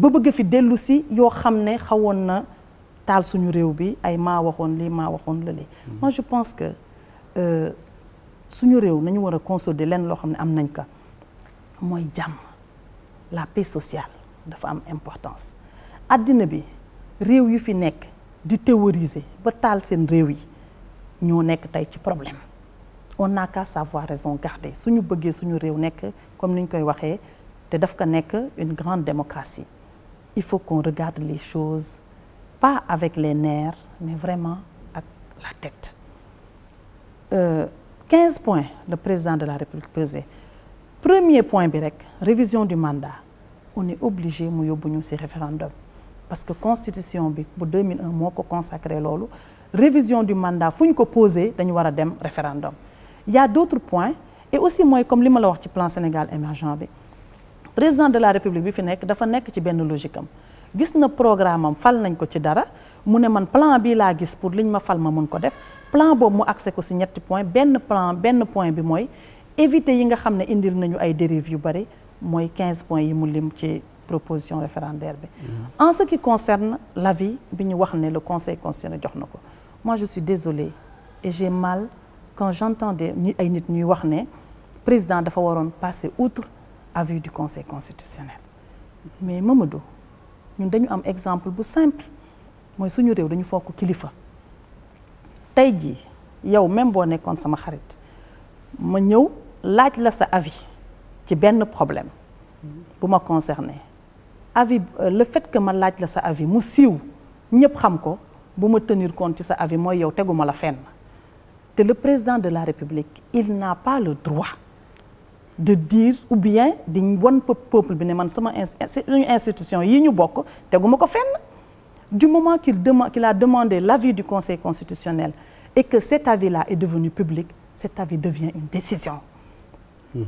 Speaker 2: ba bëgg fi dellu si yoo xam ne xawoon na taal suñu réew bi ay maa waxoon ma maa waxoon lële mm-hmm. moi je pense que euh, suñu réew nañu war a consolider lenn loo xam ne am nañ ka mooy jàmm la paix sociale dafa am importance àddina bi réew yu fi nekk di théoriser ba taal seen réew yi ñoo nekk tey ci problème on n'a qu'à savoir raison garder suñu bëggee suñu réew nekk comme ni ñu koy waxee te daf ko nekk une grande démocratie il faut qu'on regarde les choses pas avec les nerfs mais vraiment ak la tête euh, quinze points le président de la République pesé premier point bi rek révision du mandat on est obligé mu yóbbu ñu ci référendum parce que constitution bi bu un moo ko consacré loolu révision du mandat fu ñu ko posé dañu war a dem référendum yaa y a d'autres points aussi mooy comme li ma la wax ci plan Sénégal émergent bi président de la République bi fi nekk dafa nekk ci benn logique am gis na programme am fal nañ ko ci dara mu ne man plan bii laa gis pour liñ ma fal ma mën ko def plan boobu mu accès ko si ñetti point benn plan benn point bi mooy éviter yi nga xam ne indil nañu ay dérives yu bëri mooy 15 points yi mu lim ci proposition référendaire bi. Mm-hmm. en ce qui concerne vie bi ñu wax ne le conseil constitutionnel jox na ko moi je suis désolée et j'ai mal quand j'entendais ñu ay nit ñuy wax ne président dafa waroon passer outre avis du conseil constitutionnel mais Mamadou ñun dañu am exemple bu simple. mooy suñu réew dañu fokk kilifa tey jii yow même boo nekkoon sama xarit ma ñëw laaj la sa avis ci benn problème bu ma concerné avis euh, le fait que ma laaj la sa avis mu siiw ñëpp xam ko bu ma tenir compte ci sa avis mooy yow teguma la fenn te le président de la république il n'a pas le droit de dire ou bien di wan peuple bi ne man sama in suñu institution yi ñu bokk teguma ko fenn du moment qu'il demande qu'il a demandé l'avis du Conseil constitutionnel et que cet avis-là est devenu public cet avis devient une décision mm-hmm.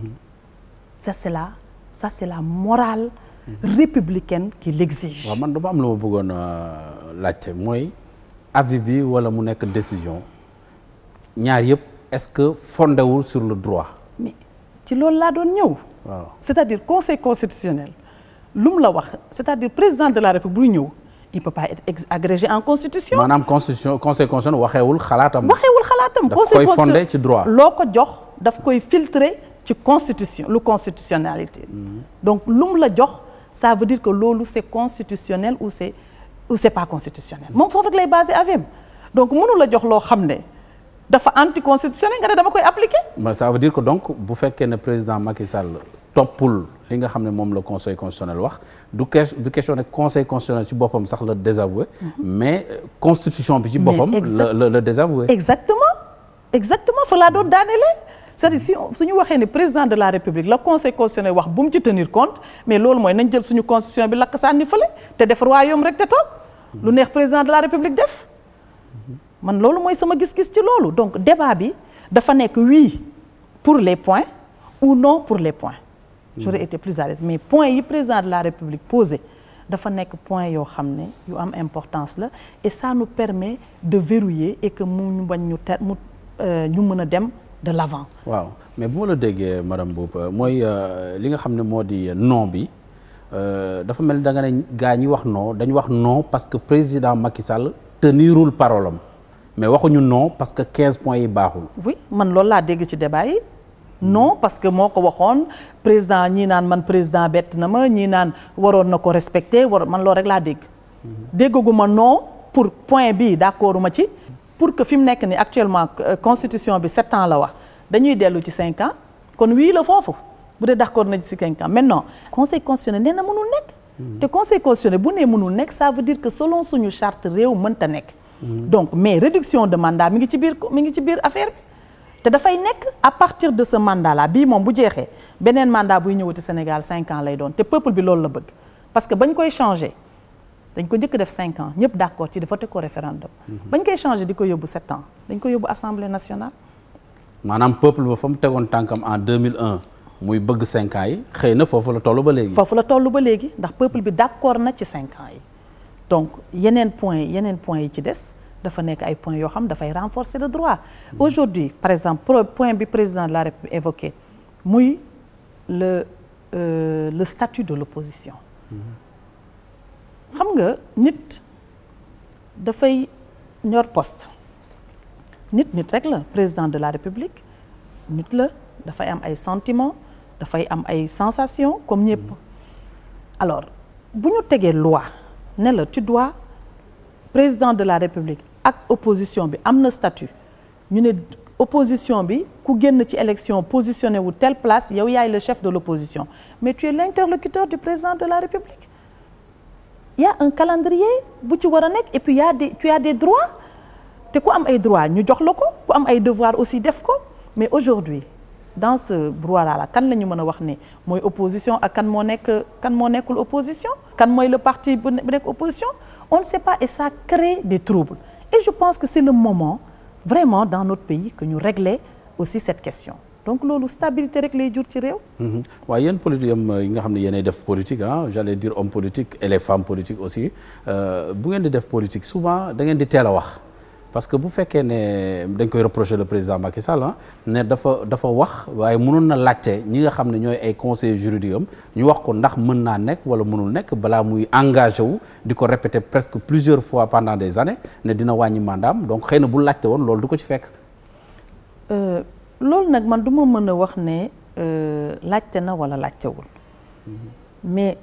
Speaker 2: c'est la ça la morale mmh.
Speaker 1: républicaine qui l'exige waaw man am lu ma bëggoon euh, laajte mooy avis bi wala mu nekk décision ñaar yëpp est-ce que fondewul sur le droit
Speaker 2: mais ci loolu laa doon ñëw waaw c'est-à-dire conseil constitutionnel lu mu la wax c'est-à-dire président de la république buy ñëw il peut pas être en constitution.
Speaker 1: maanaam constitution conseil constitutionnel waxeewul xalaatam. waxeewul xalaatam conseil daf koy fondé ci droit.
Speaker 2: loo ko jox dafa koy filtrer ci constitution lu constitutionnalité. Mm-hmm. donc lu la jox ça veut dire que loolu c' est constitutionnel ou c' est ou c' est pas constitutionnel. moom foofu rek lay basé avem donc mënu la jox loo xam ne. dafa anticonstitutionnel nga ne dama koy appliquer.
Speaker 1: mais ça veut dire que donc bu fekkee ne président Macky Sall toppul li nga xam ne moom la conseil constitutionnel wax du du question ne conseil constitutionnel ci boppam sax la désavoué mhm. mais euh, constitution bi ci boppam la la désavoué
Speaker 2: exactement exactement fa laa doon daanele cest à su si suñu waxee ne président de la république la conseil constitutionnel wax bu mu ci tenir compte mais loolu mooy nañ jël suñu constitution bi lakk sànni fële te def royaume rek te toog lu neex président de la république def man loolu mooy sama gis-gis ci loolu donc débat bi dafa nekk oui pour les points ou non pour les points j'aurais été mais point yi président de la république posé dafa nekk point yoo xam ne yu am importance la et ça nous permet de verrouiller et que mu ñu bañ ñu te mu euh, ñu mën a dem de l'avant
Speaker 1: waaw mais bu ma la déggee madame Mboup euh, mooy euh, li nga xam ne moo di non bi dafa mel ni ne gaa ñi wax non dañu wax non parce que président Macky Sall tenirul parole am mais waxuñu non parce que 15 points yi baaxul.
Speaker 2: oui man loolu laa dégg ci débat yi. non parce que moo ko waxoon président ñi naan man président bett na ma ñii naan waroon na ko respecter war man loo rek laa dégg. déggaguma non pour point bi d'accord ma ci. pour que fi mu nekk nii actuellement euh, constitution bi sept ans la wax dañuy dellu ci cinq ans kon wii la foofu bu dee d'accord nañ ci cinq ans maintenant conseil constitutionnel nee na mënul nekk. Mm-hmm. te conseil constitutionnel bu nee mënul nekk sa veut dire que selon suñu charte réew mënta nek mm-hmm. donc mais réduction de mi ngi ci biir mi ngi ci biir affaire bi. te dafay nekk à partir de ce mandat là bii moom bu jeexee beneen mandat buy ñëwati Sénégal cinq ans lay doon te peuple bi loolu la bëgg parce que bañ koy changé dañ ko njëkk def cinq ans ñëpp d'accord ci di voté ko référendum. Mhm. bañ koy changé di ko yóbbu sept ans dañ ko yóbbu assemblée nationale.
Speaker 1: maanaam peuple ba fa mu tegoon tànkam en 2001 muy bëgg cinq ans yi xëy na foofu la toll ba léegi. foofu
Speaker 2: la tollu ba léegi ndax peuple bi d'accord na ci cinq yi donc yeneen point yeneen point yi ci des. dafa nekk ay points yoo xam dafay renforcer le droit aujourd'hui par exemple point bi président de la République évoqué muy le euh, le statut de l'opposition xam nga nit dafay ñor poste nit nit rek la président de la République nit la dafay am ay sentiments dafay am ay sensations comme ñëpp alors bu ñu tegee loi ne la tu dois président de la République ak opposition bi am na statut ñu ne opposition bi ku génn ci élection positionné wu telle place yow yaay le chef de l'opposition mais tu es l'interlocuteur du président de la République ya y un calendrier bu ci war a nekk et puis il y des tu droits te ku am ay droits ñu jox la ko ku am ay devoirs aussi def ko mais aujourd'hui dans ce brouhaha là kan la ñu mën a wax ne mooy opposition ak kan moo nekk kan moo nekkul opposition kan mooy le parti bu nekk opposition on ne sait pas et ça crée des troubles Et je pense que c'est le moment vraiment dans notre pays que ñu régler aussi cette question donc loolu stabilité rek lay jur ci réew.
Speaker 1: Mhm. waaye yéen politique yi nga xam ne yéenay def politique ah j'allais dire hommes politiques et les femmes politiques aussi euh, bu ngeen di def politique souvent da ngeen di teel a wax. parce que bu fekkee ne dañ koy reprocher le président Macky Sall ne dafa dafa wax waaye munoon na laajte ñi nga xam ne ñooy ay conseillers juridiques am ñu wax ko ndax mën naa nekk wala mënul nekk balaa muy engagé wu di ko répéter presque plusieurs fois pendant des années ne dina wàññi mandaam donc xëy na bu laajte woon loolu du ko ci fekk.
Speaker 2: Euh, loolu nag man duma ma mën a wax ne euh, laajte na wala laajtewul mm-hmm. mais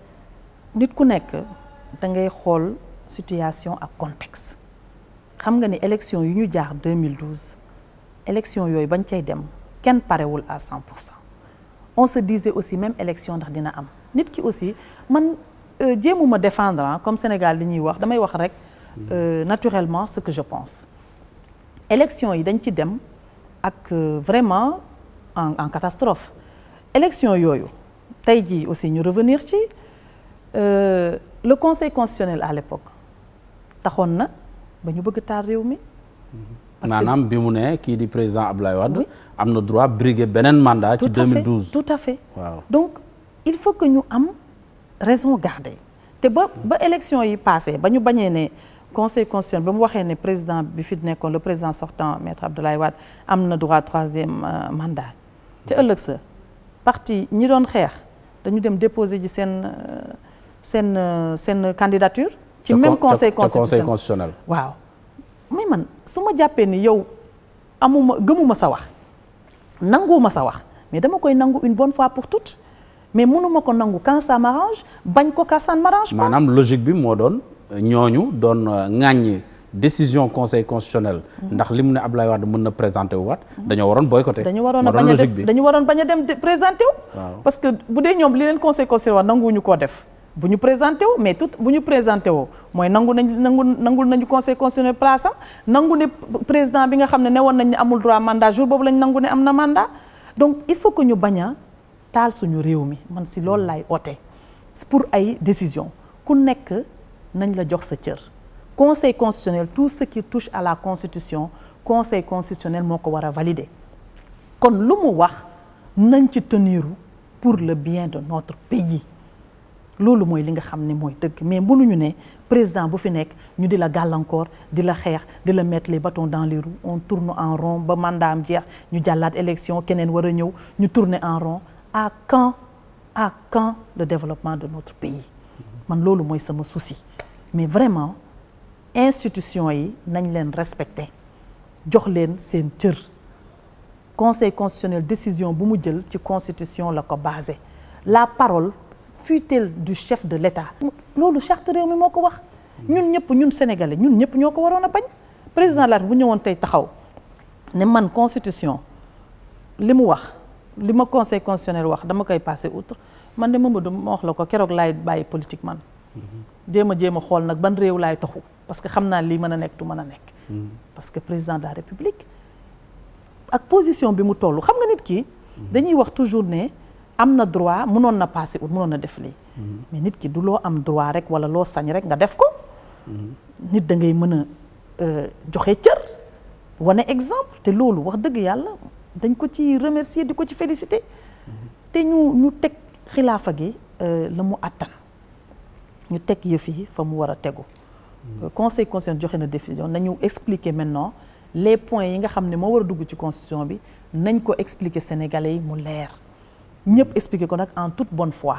Speaker 2: nit ku nekk da ngay xool situation ak contex xam nga ni élection yu ñu jaar 2012 élection yooyu bañ cay dem kenn parewul à 100 pour on se disait aussi même élection ndax dina am nit ki aussi man euh, jéemuma défendrant comme Sénégal li ñuy wax damay wax rek euh, naturellement ce que je pense élection yi dañ ci dem ak euh, vraiment en en catastrophe élection yooyu tey jii aussi ñu revenir ci le conseil constitutionnel à l'époque taxoon na ba ñu bëgg taal réew mi.
Speaker 1: maanaam bi mu ne kii di président Abdoulaye Wade am na droit briguer beneen mandat. ci 2012 tout à fait waaw
Speaker 2: donc il faut que ñu am raison garder te ba ba élection yi passé ba ñu bañee ne conseil constitutionnel ba mu waxee ne président bi fi nekkoon le président sortant maître Abdoulaye Wade am na droit troisième euh, mandat. ci ëllëg sa parti ñi doon xeex dañu dem déposer ji seen euh, seen euh, seen candidature. ci même conseil constitutionnel conseil constitutionnel. waaw mais man su ma jàppee ni yow amuma gëmuma sa wax ma sa wax mais dama koy nangu une bonne fois pour tout mais mënuma ko nangu quand m'arrange bañ ko quand ça
Speaker 1: m'arrange maanaam logique bi moo doon euh, ñooñu doon euh, ŋàññi décision conseil constitutionnel. Hmm. ndax li mu ne Abdoulaye Wade mën na présenter wu waat. Hmm. dañoo waroon boycotter. dañu waroon a bañ dañu waroon
Speaker 2: bañ a dem présenter wu. parce que bu dee ñoom li leen conseil constitutionnel wax nanguwuñu koo def. bu ñu présenté woo mais tout bu ñu présenté woo mooy nangu nañ nangu nangul nañu conseil constitutionnel place am nangu ne président bi nga xam ne newoon nañ ni amul droit mandat jour boobu lañ nangu ne am na mandat donc il faut que ñu baña a taal suñu réew mi man si loolu laay oote pour ay décision ku nekk nañ la jox sa cër conseil constitutionnel tout ce qui touche à la constitution conseil constitutionnel moo ko war a valider kon lu mu wax nañ ci teniru pour le bien de notre pays loolu mooy li nga xam ni mooy dëgg mais ñu ne président bu fi nekk ñu di la gàllankoor di la xeex di la mettre les bâtons dans les roues on tourne en rond ba mandat am jeex ñu jàllaat élection keneen war a ñëw ñu tourner en rond à quand à quand le développement de notre pays man loolu mooy sama souci mais vraiment institution yi nañ leen respecter jox leen seen cër conseil constitutionnel décision bu mu jël ci constitution la ko basé la parole tutelle du chef de l'État loolu charte réew mi moo ko wax ñun ñëpp ñun sénégalais ñun ñëpp ñoo ko waroon a bañ président laat bu ñëwoon tey taxaw ne man constitution li mu wax li ma conseil constitutionnel wax dama koy passer outre man de Mamadou ma wax la ko keroog laay bàyyi politique man jéem a jéem a xool nag ban réew laay taxu parce que xam naa lii mën a nekk du mën a nekk parce que président de la république ak position bi mu toll xam nga nit kii dañuy wax toujours ne am na droit mënoon na passé ut mënoon na def lii. Mhm. mais nit ki du loo am droit rek wala loo sañ rek nga def ko. Mhm. nit da ngay mën a euh, joxe cër wane exemple te loolu wax dëgg yàlla dañ ko ci remercier di ko ci féliciter mhm. te ñu ñu teg xilaafa gi euh, la mu àttan ñu teg yëf fa mu war a tegu euh, conseil constitutionnel joxe na décision nañu expliquer maintenant les points yi nga xam ne moo war a dugg ci constitution bi nañ ko expliquer sénégalais yi mu leer ñëpp expliqué ko nag en toute bonne foi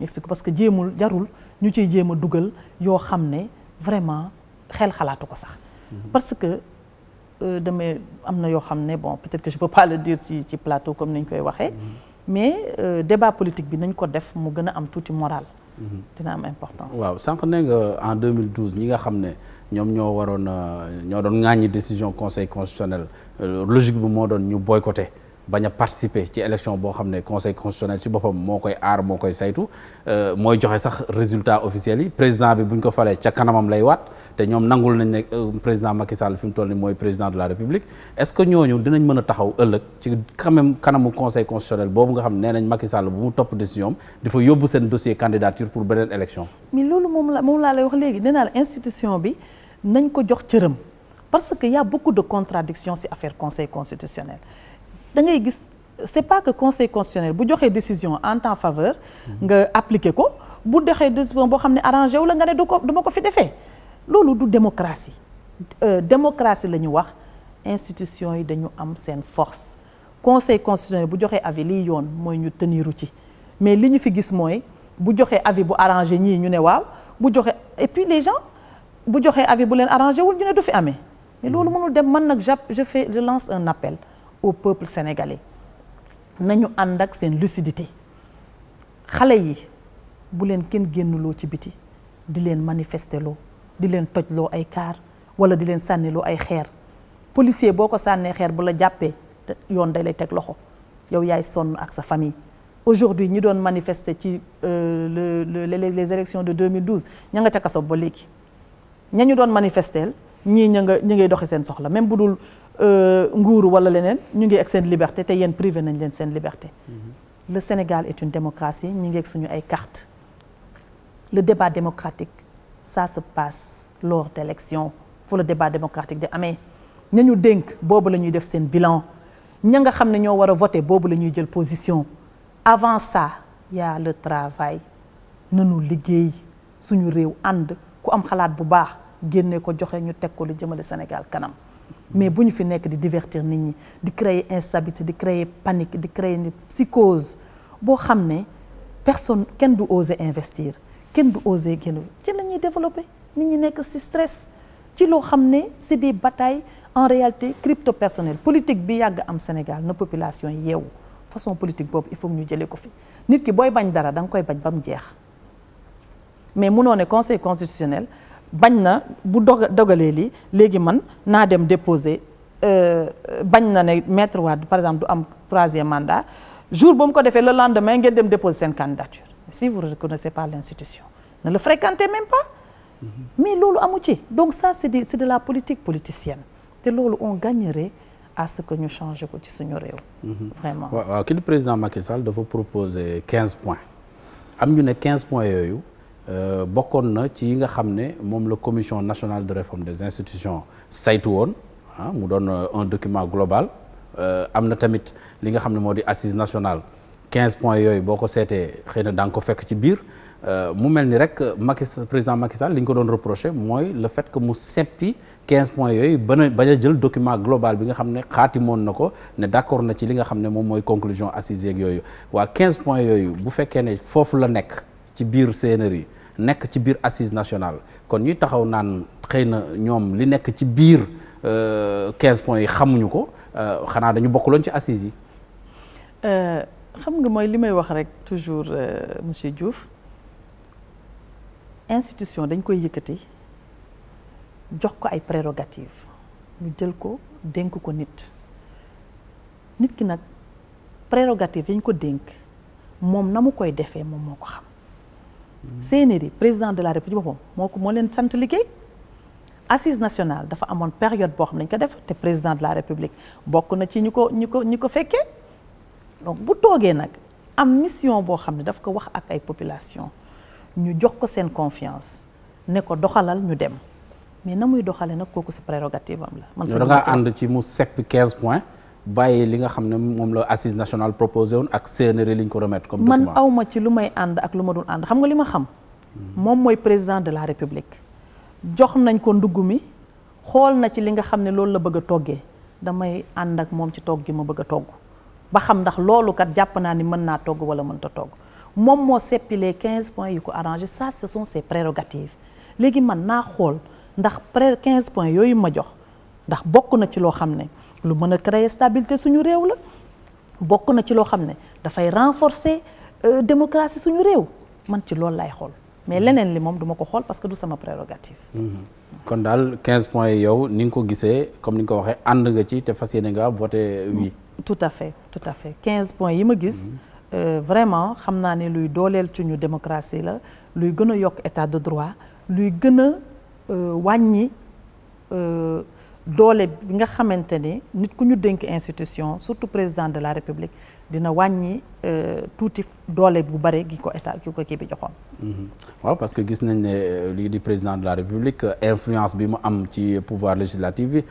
Speaker 2: ñu expliqué parce que jéemul jarul ñu ciy jéem a dugal yoo xam ne vraiment xel xalaatu ko sax. Mhm. parce que euh, damay am na yoo xam ne bon peut-être que je peux pas le dire si ci plateau comme ni ñu koy waxee. Mhm. mais euh, débat politique bi nañ ko def mu gën a am tuuti moral. Mhm. dina am
Speaker 1: importance. waaw sànq ne nga en 2012 ñi nga xam ne ñoom ñoo waroon euh, ñoo doon ŋàññi décision conseil constitutionnel euh, logique bi moo doon ñu boycotté. bañ participer ci élection boo xam ne conseil constitutionnel ci boppam moo koy aar moo koy saytu euh, mooy joxe sax résultat officiel yi président bi buñ ko falee ca kanamam lay waat te ñoom nangul nañ ne euh, président Macky Sall fi mu toll ni mooy président de la République est-ce que ñooñu dinañ mën a taxaw ëllëg ci quand même kanamu conseil constitutionnel boobu nga xam ne nee nañ Macky Sall bu mu topp décision am dafa yóbbu seen dossier candidature pour beneen élection.
Speaker 2: mais loolu moom la moom laa lay wax léegi nee naa la institution nañ ko jox cëram parce que y a beaucoup de contradictions ci affaire conseil constitutionnel. da ngay gis c'est pas que conseil constitutionnel bu joxee décision en temps faveur nga appliquer ko bu joxee décision boo xam ne arrangé wu la nga ne du ko du ko fi defee loolu du démocratie euh, démocratie la ñu wax institution yi dañu am seen force conseil constitutionnel bu joxe avis liy yoon mooy ñu tëniru ci mais li ñu fi gis mooy bu joxee avis bu arrangé ñii ñu ne waaw bu joxe et puis les gens bu joxee avis bu leen arrangé wul ñu ne du fi amee mais loolu mënul dem man nag je fais je lance un appel au peuple sénégalais nañu ànd ak seen lucidité xale yi bu leen kenn génnuloo ci biti di leen manifesteloo di leen tojloo ay kaar wala di leen sànniloo ay xeer policier boo ko sànnee xeer bu la jàppee yoon day lay teg loxo yow yaay sonn ak sa famille aujourd'hui ñi doon manifester ci euh, le les élections de 2012 ña nga ca kaso ba léegi ña ñu doon manifester ñii ña nga ñi ngay doxi seen soxla même bu dul Euh, nguuru wala leneen ñu ngi ak seen liberté te yéen privé nañ leen seen liberté mhm. le Sénégal est une démocratie ñu ngi ak suñu ay carte le débat démocratique ça se passe lors d'élections fu le débat démocratique di amee ña ñu dénk boobu la ñuy def seen bilan ña nga xam ne ñoo war a voté boobu la ñuy jël position avant ça y a le travail nanu liggéey suñu réew ànd ku am xalaat bu baax génnee ko joxe ñu teg ko lu jëmale Sénégal kanam mais bu ñu fi nekk di divertir nit ñi di créer instabilité di créer panique di créer une psychose boo xam ne personne kenn du oser investir kenn du oser génn ci la ñuy développer nit ñi nekk ci stress ci loo xam ne c'est des batailles en réalité crypto personnel politique bi yàgg am Sénégal na population yeewu façon politique boobu il faut ñu jëlee ko fi nit ki booy bañ dara danga koy bañ ba mu jeex mais munoo ne conseil constitutionnel. bañ na bu doga dogalee lii léegi man naa dem déposer euh, euh, bañ na ne metre Wade par exemple du am troisième mandat jour ba mu ko defee le lendemain ngeen dem déposer seen candidature si vous ne reconnaissez pas l'institution ne le fréquentez même pas mm-hmm. mais loolu amu ci donc ça c'est de c'est de la politique politicienne te loolu on gagnerait à ce que ñu changé ko ci suñu réew. Mm-hmm. vraiment waaw
Speaker 1: waaw président Macky Sall dafa proposer quinze points am ñu ne quinze points yooyu. Euh, bokkoon na ci yi nga xam ne moom la commission nationale de réforme des institutions saytu woon ah mu doon euh, un document global euh, am na tamit li nga xam ne moo di assise nationale quinze points yooyu boo ko seetee xëy na da ko fekk ci biir mu mel ni rek Macky président Macky Sall li ko doon reproché mooy fait que mu seppi quinze points yooyu ba na bañ a jël document global bi nga xam ne xaatimoon na ko ne d'accord na ci li nga xam ne moom mooy conclusion assise yeeg yooyu waa quinze points yooyu bu fekkee ne foofu la nekk ci biir CNRI yi nekk ci biir assise nationale kon ñuy taxaw naan xëy na ñoom li nekk ci biir 15 euh, points yi xamuñu ko euh, xanaa dañu bokkuloon ci assise yi.
Speaker 2: Euh, xam nga mooy li may wax rek toujours monsieur Diouf institution dañ koy yëkkati jox ko ay prérogatives ñu jël ko dénk ko nit nit ki nag prérogative yi ko dénk moom na mu koy defee moom moo ko xam. yi président de la république boppam moo ko moo leen sant liggéey assise nationale dafa amoon période boo xam ne dañ ko def te président de la république bokk na ci ñu ko ñu ko ñu ko fekkee donc bu toogee nag am mission boo xam ne daf ko wax ak ay population ñu jox ko seen confiance ne ko doxalal ñu dem mais na muy doxalee nag kooku si prérogative am la. man da ngaa ànd
Speaker 1: ci mu sepp 15 points. bàyyi li nga xam ne moom la assise national proposé woon ak CNRI li ñu ko remettre comme man aw
Speaker 2: ma ci lu may ànd ak lu ma dul ànd xam nga li ma xam moom mooy président de la république jox nañ ko ndugg mi xool na ci li nga xam ne loolu la bëgg a toggee damay ànd ak moom ci togg gi ma bëgg a togg ba xam ndax loolu kat jàpp naa ni mën naa togg wala mënta togg moom moo seppi quinze points yu ko arrangé ça ce sont ses prérogatives léegi man naa xool ndax pré quinze points yooyu ma jox ndax bokk na ci loo xam ne lu mën a créer stabilité suñu réew la bokk na ci loo xam ne dafay renforcer euh, démocratie suñu réew man ci loolu lay xool mais mm-hmm. leneen li moom duma ko xool parce que du sama prérogative.
Speaker 1: Mm-hmm. kon daal 15 points yow ni nga ko gisee comme ni nga ko waxee ànd nga ci te fas yéene nga voté oui. Mm-hmm.
Speaker 2: tout à fait tout à fait 15 points yi ma gis. Euh, vraiment xam naa ne luy dooleel ci ñu démocratie la luy gën a yokk état de droit luy gën a euh, wàññi. doole bi nga xamante ne nit ku ñu dénk institution surtout président de la république dina wàññi euh, tuuti doole bu bare gi ko état ki ko kii bi joxoon.
Speaker 1: Mhm. waaw parce que gis nañ ne euh, lii di président de la république euh, influence bi mu am ci pouvoir législatif bi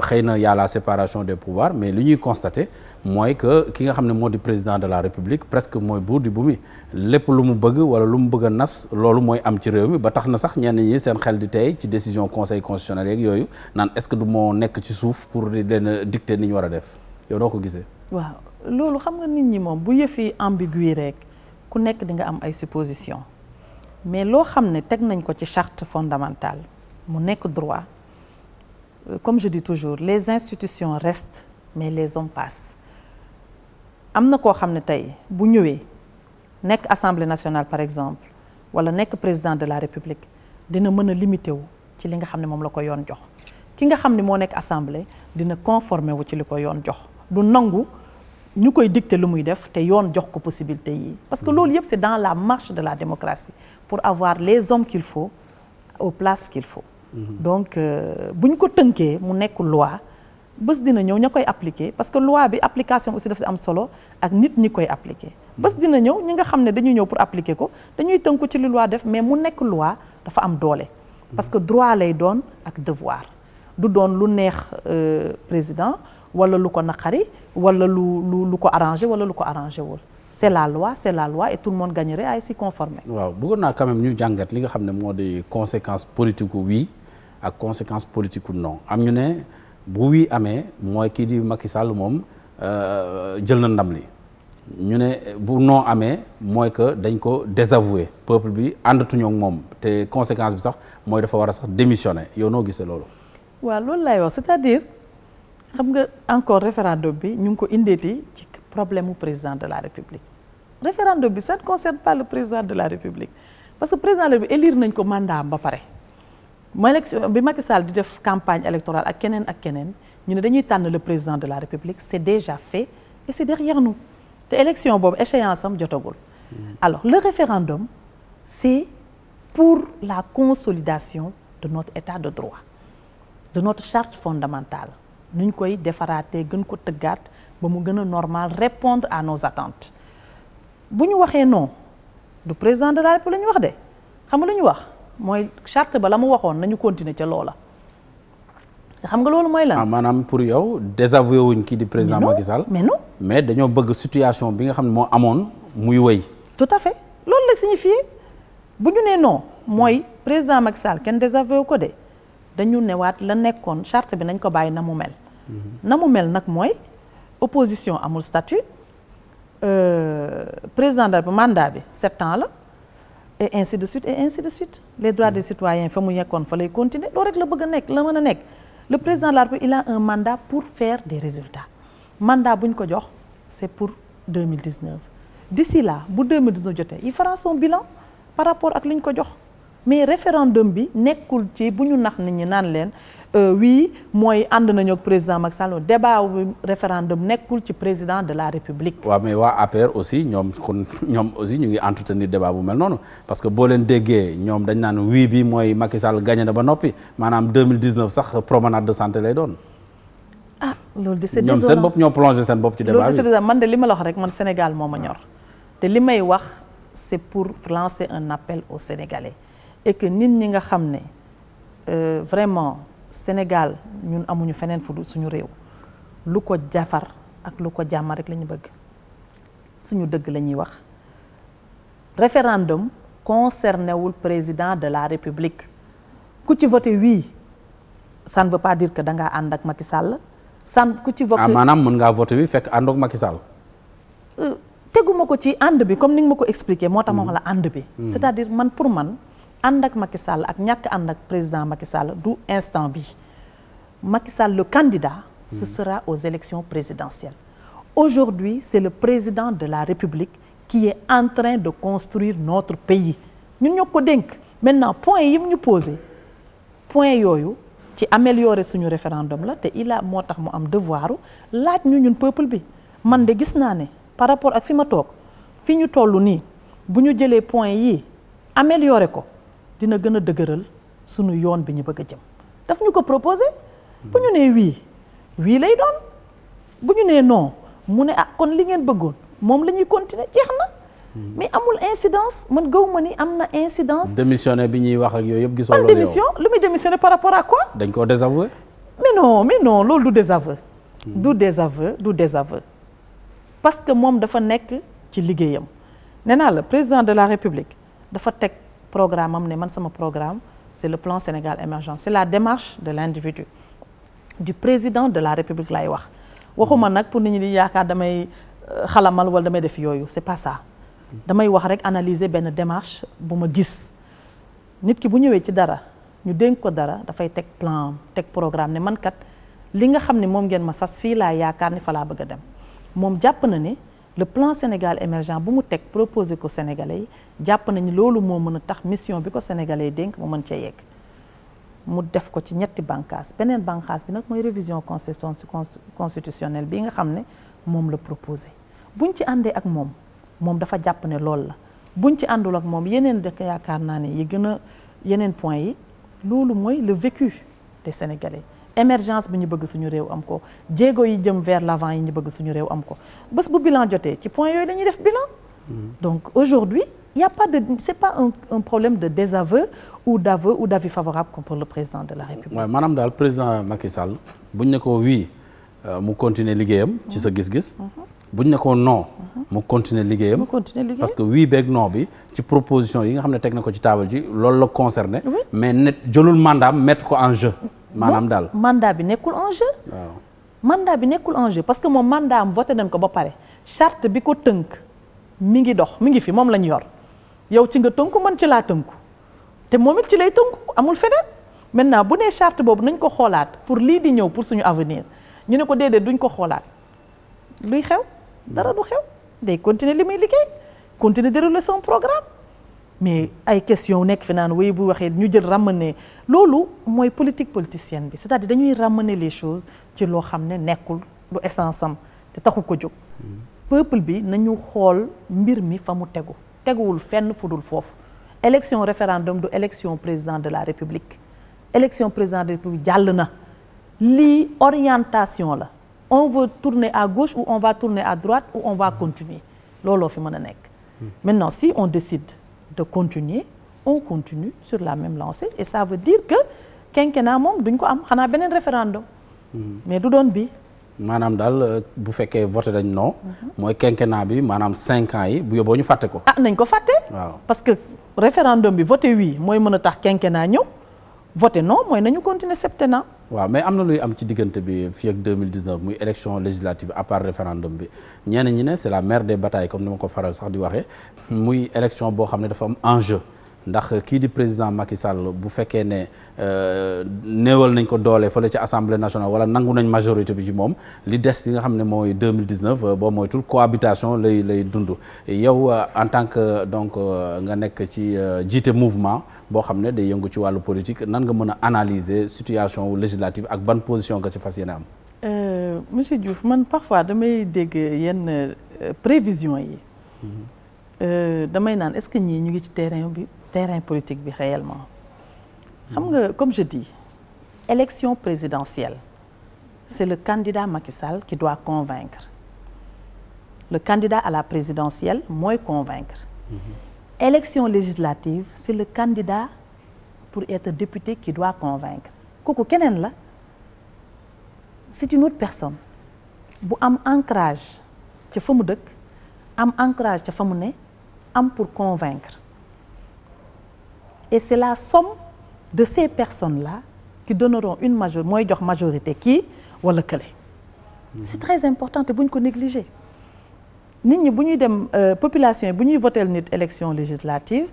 Speaker 1: xëy na y la séparation des pouvoirs mais li ñuy constater mooy que ki nga xam ne moo di président de la république presque mooy buur di bu mi lépp lu mu bëgg wala lu mu bëgg a nas loolu mooy am ci réew mi ba tax na sax ñenn ñi seen xel di tey ci décision conseil constitutionnel yeeg yooyu naan ce que du moo nekk ci suuf pour di leen dicter ñu war a def yow ko gisee.
Speaker 2: loolu xam nga nit ñi moom bu yëf yi ambigu rek ku nekk di nga am ay supposition mais loo xam ne teg nañ ko ci charte fondamentale mu nekk droit euh, comme je dis toujours les institutions restent mais les hommes am na koo xam ne tey bu ñëwee nekk assemblée nationale par exemple wala nekk président de la république dina mën a limité wu ci li nga xam ne moom la ko yoon jox ki nga xam ne moo nekk assemblée dina conformé wu ci li ko yoon jox du nangu ñu koy dicter lu muy def te yoon jox ko possibilité yi parce que hmm. loolu yëpp c'est dans la marche de la démocratie pour avoir les hommes qu'il faut au places qu'il faut hmm. donc euh, bu ñu ko tënkee mu nekk loi bés dina ñëw ña koy appliquer parce que loi bi application aussi dafa si am solo ak nit ñi koy appliquer bés dina ñëw ñi nga xam ne dañuy ñëw pour appliquer ko dañuy tënku ci li loi def mais mu nekk loi dafa am doole parce que hmm. droit lay doon ak devoir du doon lu neex euh, président wala lu ko naqari wala lu lu lu ko arrangé wala lu ko arrangé wul c' est la loi c' est la loi et tout le monde gagnerait à s'y conformer.
Speaker 1: waaw bëggoon naa quand même ñu jàngat li nga xam ne moo di conséquence politique oui ak conséquence politique non am ñu ne bu oui amee mooy kii di Macky Sall moom euh, jël na ndam li ñu ne bu non amee mooy que dañ ko désavoué peuple bi àndatuñu ak moom te conséquence bi sax mooy dafa war a sax démissionner yow noo gisee loolu.
Speaker 2: waaw loolu laay wax xam nga encore référendum bi ñu ngi ko indeeti ci problème mu président de la république le référendum bi ça ne concerne pas le président de la république parce que président de élire nañ ko mandat ba pare mu élection bi Macky Sall di def campagne électorale ak keneen ak keneen ñu ne dañuy tànn le président de la république c' est déjà fait et c' est derrière nous te élection boobu échéance am jotagul mm-hmm. alors le référendum c'est pour la consolidation de notre état de droit de notre charte fondamentale nu ñu koy defaraatee gën ko tëggaat ba mu gën a normal répondre à nos attentes bu ñu waxee non du président de la république la ñu wax de xam nga lu wax mooy charte ba mu waxoon nañu continuer ca loola
Speaker 1: xam nga loolu mooy lan. Ah, maanaam pour yow désavoué wuñ kii di président Macky Sall. mais non mais dañoo bëgg situation bi nga xam ne moo amoon muy wëy.
Speaker 2: tout à fait loolu la signifie bu ñu nee non mooy président Macky Sall kenn désavoué ko de dañu newaat la nekkoon charte bi nañ ko bàyyi na mu mel. na mu mel nag mooy opposition amul statut euh, président de la mandat bi sept la et ainsi de suite et ainsi de suite les droits des citoyens fa mu nekkoon fa lay continuer loolu rek la bëgg a nekk la mën a nekk le président la République il a un mandat pour faire des résultats le mandat bu ñu ko jox c'est pour 2019 d'ici là bu 2019 jotee il fera son bilan par rapport ak li ñu ko jox mais référendum bi nekkul ci bu ñu nax nit ñi naan leen wii euh, mooy ànd nañu ak président Macky Sall débat référendum nekkul ci président de la république.
Speaker 1: waaw mais waa APR aussi ñoom kon ñoom aussi ñu ngi entretenir débat bu mel noonu parce que boo leen déggee ñoom dañ naan oui bi mooy Macky Sall gagné na ba noppi maanaam 2019 sax promenade de santé lay doon.
Speaker 2: ah loolu de c'est désolant ñoom seen bopp ñoo plongé seen bopp ci débat bi. loolu de c'est désolant man de li ma la rek man Sénégal moo ma ñor te li may wax c'est pour lancer un appel au Sénégalais nit ñi nga xam ne euh, vraiment. Sénégal ñun amuñu feneen fu suñu réew lu ko jafar ak lu ko jàmm rek la ñu bëgg suñu dëgg la ñuy wax référendum concerné wul président de la république ku ci voté oui san ne veut pas dire que da ànd ak Macky Sall san ku ci voté ah maanaam
Speaker 1: mën ngaa voté oui fekk àndoog Macky Sall.
Speaker 2: Euh, teguma ko ci ànd bi comme ni nga ma ko expliqué. moo tax ma mm. wax la ànd bi. Mm. c'est-à-dire man pour man. ànd ak Macky Sall ak ñàkk ànd ak président Macky Sall du instant bi Macky Sall le candidat ce hmm. sera aux élections présidentielles aujourd'hui c'est le président de la République qui est en train de construire notre pays ñu ñoo ko dénk maintenant point yi ñu posé point yooyu ci améliorer suñu référendum la te il moo tax mu am devoiru laaj ñu ñun peuple bi man de gis naa ne par rapport ak fi ma toog fi ñu toll nii bu ñu jëlee point yi améliorer ko dina gën a dëgëral suñu yoon bi ñu bëgg a jëm daf ñu ko proposé bu ñu nee wii wii lay doon bu ñu nee non mu ne ah kon li ngeen bëggoon moom la ñuy continuer jeex na hmm. mais amul incidence man gaw ma ni am na incidence
Speaker 1: démissionné bi ñuy wax ak yooyu yëpp gisoo loolu démission
Speaker 2: lu muy démissionné par rapport à quoi
Speaker 1: dañ koo désavoué
Speaker 2: mais non mais non loolu du désaveu hmm. du désaveu du désaveu parce que moom dafa nekk ci liggéeyam nee naa la président de la république dafa teg programme am ne man sama programme c'est le plan Sénégal émergent c'est la démarche de l'individu du président de la République lay wax waxuma mhm. nag pour nit ñi di yaakaar damay euh, xalamal wala damay def yooyu c'est pas ça damay wax rek analyser benn démarche bu ma gis nit ki bu ñëwee ci dara ñu dénk ko dara dafay teg plan teg programme ne man li nga xam ne moom ngeen ma sas fii laa yaakaar ni fa laa bëgg a dem moom jàpp na ne le plan Sénégal émergent bu mu teg proposé ko Sénégalais yi jàpp nañ loolu moo mën a tax mission bi ko Sénégalais dénk mu mën cee yegg mu def ko ci ñetti banquas beneen bànqaas bi nag mooy révision constitutionnelle bi nga xam ne moom la proposé buñ ci àndee ak moom moom dafa jàpp ne loolu la buñ ci àndul ak moom yeneen dëkk yaakaar naa ne yi gën a yeneen point yi loolu mooy le vécu des Sénégalais émergence bi ñu bëgg suñu réew am ko jéego yi jëm vers l'avant yi ñu bëgg suñu réew am ko bés bu bilan jotee ci point yooyu dañuy def bilan
Speaker 1: mm-hmm.
Speaker 2: donc aujourd'hui il y a pas de c'est pas un, un problème de désaveu ou d'aveu ou d'avis favorable pour le président de la République
Speaker 1: waaw maanaam daal président Macky Sall buñ ne ko oui euh, mu continuer liggéeyam ci sa gis-gis bu mm-hmm. buñ ne ko non mm-hmm. mu continuer liggéeyam parce que oui beeg non bi ci proposition yi nga xam ne teg na ko ci table ji loolu la concerné mais ne maanaam daal
Speaker 2: mandaa bi nekkul en
Speaker 1: jeu.
Speaker 2: bi nekkul en parce que moom mandat am voté nañ ko ba pare charte bi ko tënk mi ngi dox mi ngi fi moom lañ yor yow ci nga tënku man ci laa tënku te moom it ci lay tënku amul feneen maintenant bu nee charte boobu nañ ko xoolaat pour lii di ñëw pour suñu avenir ñu ne ko déedéet duñ ko xoolaat luy xew dara du xew day continuer li muy liggéey continuer dérouler son programme. mais ay question nekk fi naan wéy bu waxee ñu jël ramener loolu mooy politique politicienne bi c'est-à-dire dañuy ramener les choses ci loo xam ne nekkul lu essence am te taxu ko jóg peuple bi nañu xool mbir mi fa mu tegu teguwul fenn fudul foofu élection référendum du élection président de la république élection président de la république jàll na lii orientation la on veut tourner à gauche ou on va tourner à droite ou on va continuer looloo fi mën a nekk hmm. maintenant si on décide de continuer on continue sur la même lancée et ça veut dire que quinquennat moom duñ ko am xanaa beneen référendum. Mhm. mais du doon bi
Speaker 1: maanaam daal euh, bu fekkee voté dañ non. Mhm. mooy quinquennat bi maanaam cinq ans yi bu yóbboo ñu fàtte ko.
Speaker 2: ah nañ ko fàtte.
Speaker 1: waaw parce que référendum bi voté wii mooy mën
Speaker 2: a tax naa ñëw voté non mooy nañu continuer septennat.
Speaker 1: waaw mais am na luy am ci diggante bi fii ak 2019 muy élection législative à part référendum bi ñenn ñi ne c'est la mère des batailles comme ni ma ko faral sax di waxee muy élection boo xam ne dafa am enjeu ndax kii di président Macky Sall bu fekkee ne euh, néewal nañ ko doole fële ci assemblée nationale wala nangu nañ majorité bi ci moom li des yi nga xam ne mooy 2019 euh, boo moytul cohabitation lay lay dund yow euh, en tant que donc nga nekk ci jiite mouvement boo xam ne day yëngu ci wàllu politique nan nga mën a analyser situation législative ak ban position nga ci fas yéene am.
Speaker 2: monsieur Diouf man parfois damay dégg yenn prévision yi. Mhm. damay naan est-ce que ñii ñu ngi ci terrain bi. terrain politique bi réellement xam nga comme je dis élection présidentielle c'est le candidat Macky Sall qui doit convaincre le candidat à la présidentielle mooy convaincre
Speaker 3: mm-hmm.
Speaker 2: élection législative c'est le candidat pour être député qui doit convaincre kooku keneen la c'est une autre personne bu am ancrage ca fa mu dëkk am ancrage ca fa mu ne am pour convaincre et c'est la somme de ces personnes-là qui donneront une major mooy jox majorité kii wala kële. c'est hmm. très important te bu ñu ko négliger. nit ñi bu ñuy dem euh, population yi bu ñuy votel nit élection législative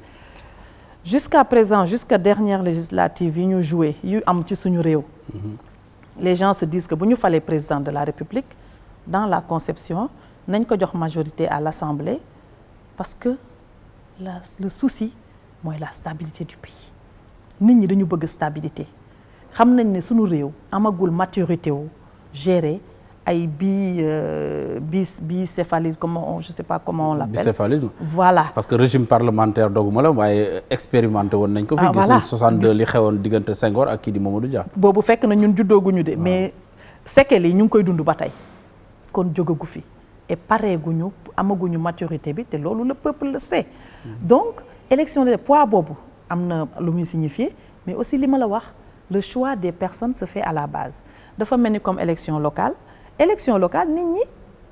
Speaker 2: jusqu'à présent jusqu'à dernière législative yi ñu joué yu am ci suñu réew. Hmm. les gens se disent que bu ñu falee président de la République dans la conception nañ ko jox majorité à l'Assemblée parce que la le souci. mooy la stabilité du pays nit ñi dañu bëgg stabilité xam nañ ne suñu réew amagul maturité wu gérer ay bi euh, bis bicéphalisme comment on je sais pas comment on l'appelle bicéphalisme voilà
Speaker 1: parce que régime parlementaire doguma la waaye expérimenté woon nañ ko fi ah, gis nañ 62 li xewoon diggante Senghor ak kii di Mamadou Dia
Speaker 2: boobu fekk na ñun juddooguñu de ah. mais séquelles yi ñu ngi koy dund ba tey kon jógagu fi et pareeguñu amaguñu maturité bi te loolu le peuple le see mm. donc élection de poids boobu am na lu muy signifier mais aussi li ma la wax le choix des personnes se fait à la base dafa mel ni comme élection locale élection locale nit ñi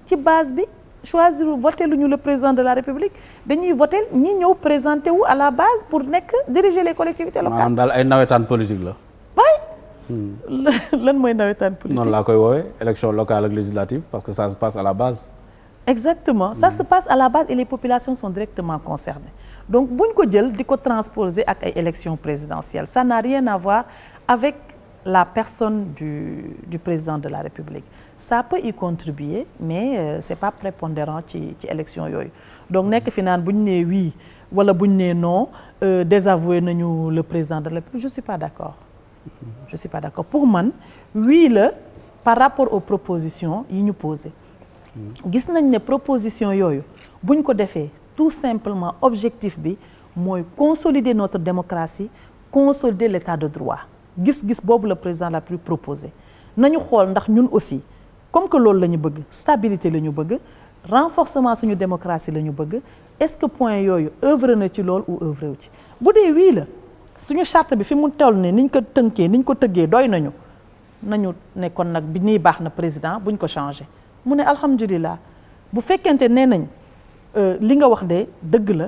Speaker 2: ci base bi choisir voté lu ñu le président de la république dañuy voté ñi ñëw présenté wu à la base pour nekk diriger les collectivités
Speaker 1: locales. maanaam daal la.
Speaker 2: Hmm.
Speaker 1: waay. parce que ça se passe à la base.
Speaker 2: exactement ça hmm. se passe à la base et les populations sont directement concernées. donc buñ ko jël di ko transposer ak ay élections présidentielles ça n'a rien à voir avec la personne du du président de la République ça peut y contribuer mais euh, c'est pas prépondérant ci ci élection yooyu donc nekk fi naan bu ñu nee oui wala bu ñu nee non euh, désavouer nañu le président de la République je suis pas d'accord je suis pas d'accord pour man oui la par rapport aux propositions yi ñu posées gis nañ ne proposition yooyu buñ ko defee tout simplement objectif bi mooy consolider notre démocratie consolider l'état de droit gis-gis boobu la président la plus na ñu xool ndax ñun aussi comme que loolu la ñu bëgg stabilité la ñu bëgg renforcement suñu démocratie la ñu bëgg est-ce que point yooyu œuvre na ci lool ou œuvre wu ci bu dee wii la suñu charte bi fi mu toll ne niñ ko tënkee niñ ko tëggee doy nañu nañu ne kon nag bi nii baax na président buñ ko changé mu ne alhamdulilah bu fekkente nee nañ Euh, li nga wax de dëgg la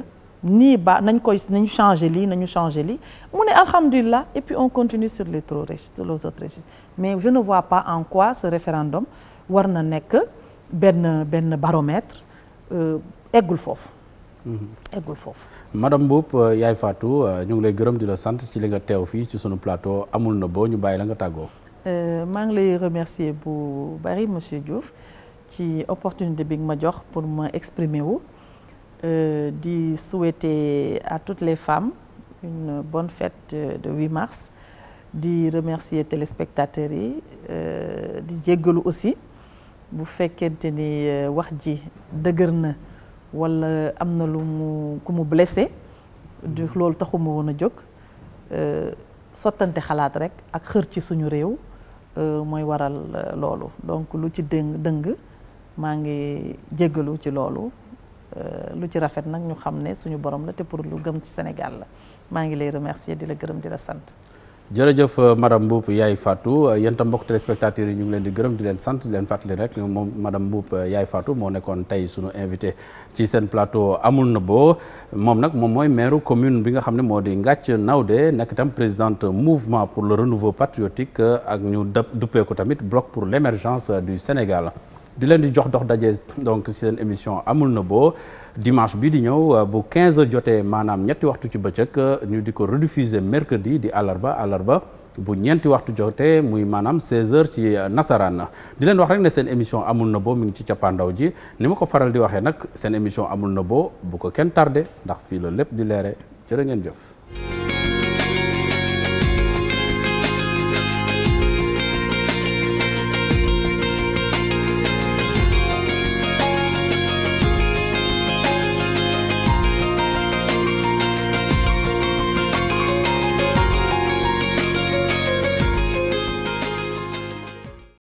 Speaker 2: nii ba nañ koy nañu changer lii nañu changer lii mu ne alhamdulilah et puis on continue sur les trop riches sur les autres riches mais je ne vois pas en quoi ce référendum war na nekk benn benn baromètre euh, eggul foofu
Speaker 1: mm-hmm. eggul foofu madame Mboup euh, Yaay Fatou ñu ngi lay gërëm di la sant ci li nga teew fii ci suñu plateau amul na boo ñu bàyyi la nga tàggoo
Speaker 2: maa ngi lay remercier bu bari monsieur Diouf ci opportunité bi ma jox pour ma exprimer wu Euh, di suwetee à toute les femmes une bonne de 8 mars di remercier téléspectateurs yi euh, di jéggalu aussi bu fekkente ni euh, wax ji dëgër na walla am na lu mu ku mu blessé du mm-hmm. loolu taxuma woon a jóg sottante xalaat rekk ak xër ci suñu réew mooy waral loolu donc lu ci dëng dëng maa ngi jéggalu ci loolu lu ci rafet nag ñu xam ne suñu borom la te pour lu gëm ci Sénégal la maa ngi lay remercier di la gërëm di la sant.
Speaker 1: jërëjëf euh, madame Mboup Yaay faatu euh, yéen mbokk mbokk téléspectateurs yi ñu ngi leen di gërëm di leen sant di leen fàttali rek moom madame Mboup euh, Yaay Fatou moo nekkoon tey suñu invité ci seen plateau amul na boo moom nag moom mooy maire commune bi nga xam ne moo di Ngathie Naoudé nekk itam présidente mouvement pour le renouveau patriotique ak ñu duppee ko tamit bloc pour l' émergence du Sénégal. di leen di jox dox daje donc seen émission amul na boo dimanche bii di ñëw euh, bu 15 jotee maanaam ñetti waxtu ci bëccëg euh, ñu di ko rediffuser mercredi di àllarba àllarba bu ñeenti waxtu jotee muy maanaam 16h ci euh, nasaraan di leen wax rek ne seen émission amul na boo mi ngi ci cappaandaw ji ni ma ko faral di waxee nag seen émission amul na boo bu ko kenn tardé ndax fii la lépp di leere jërë ngeen jof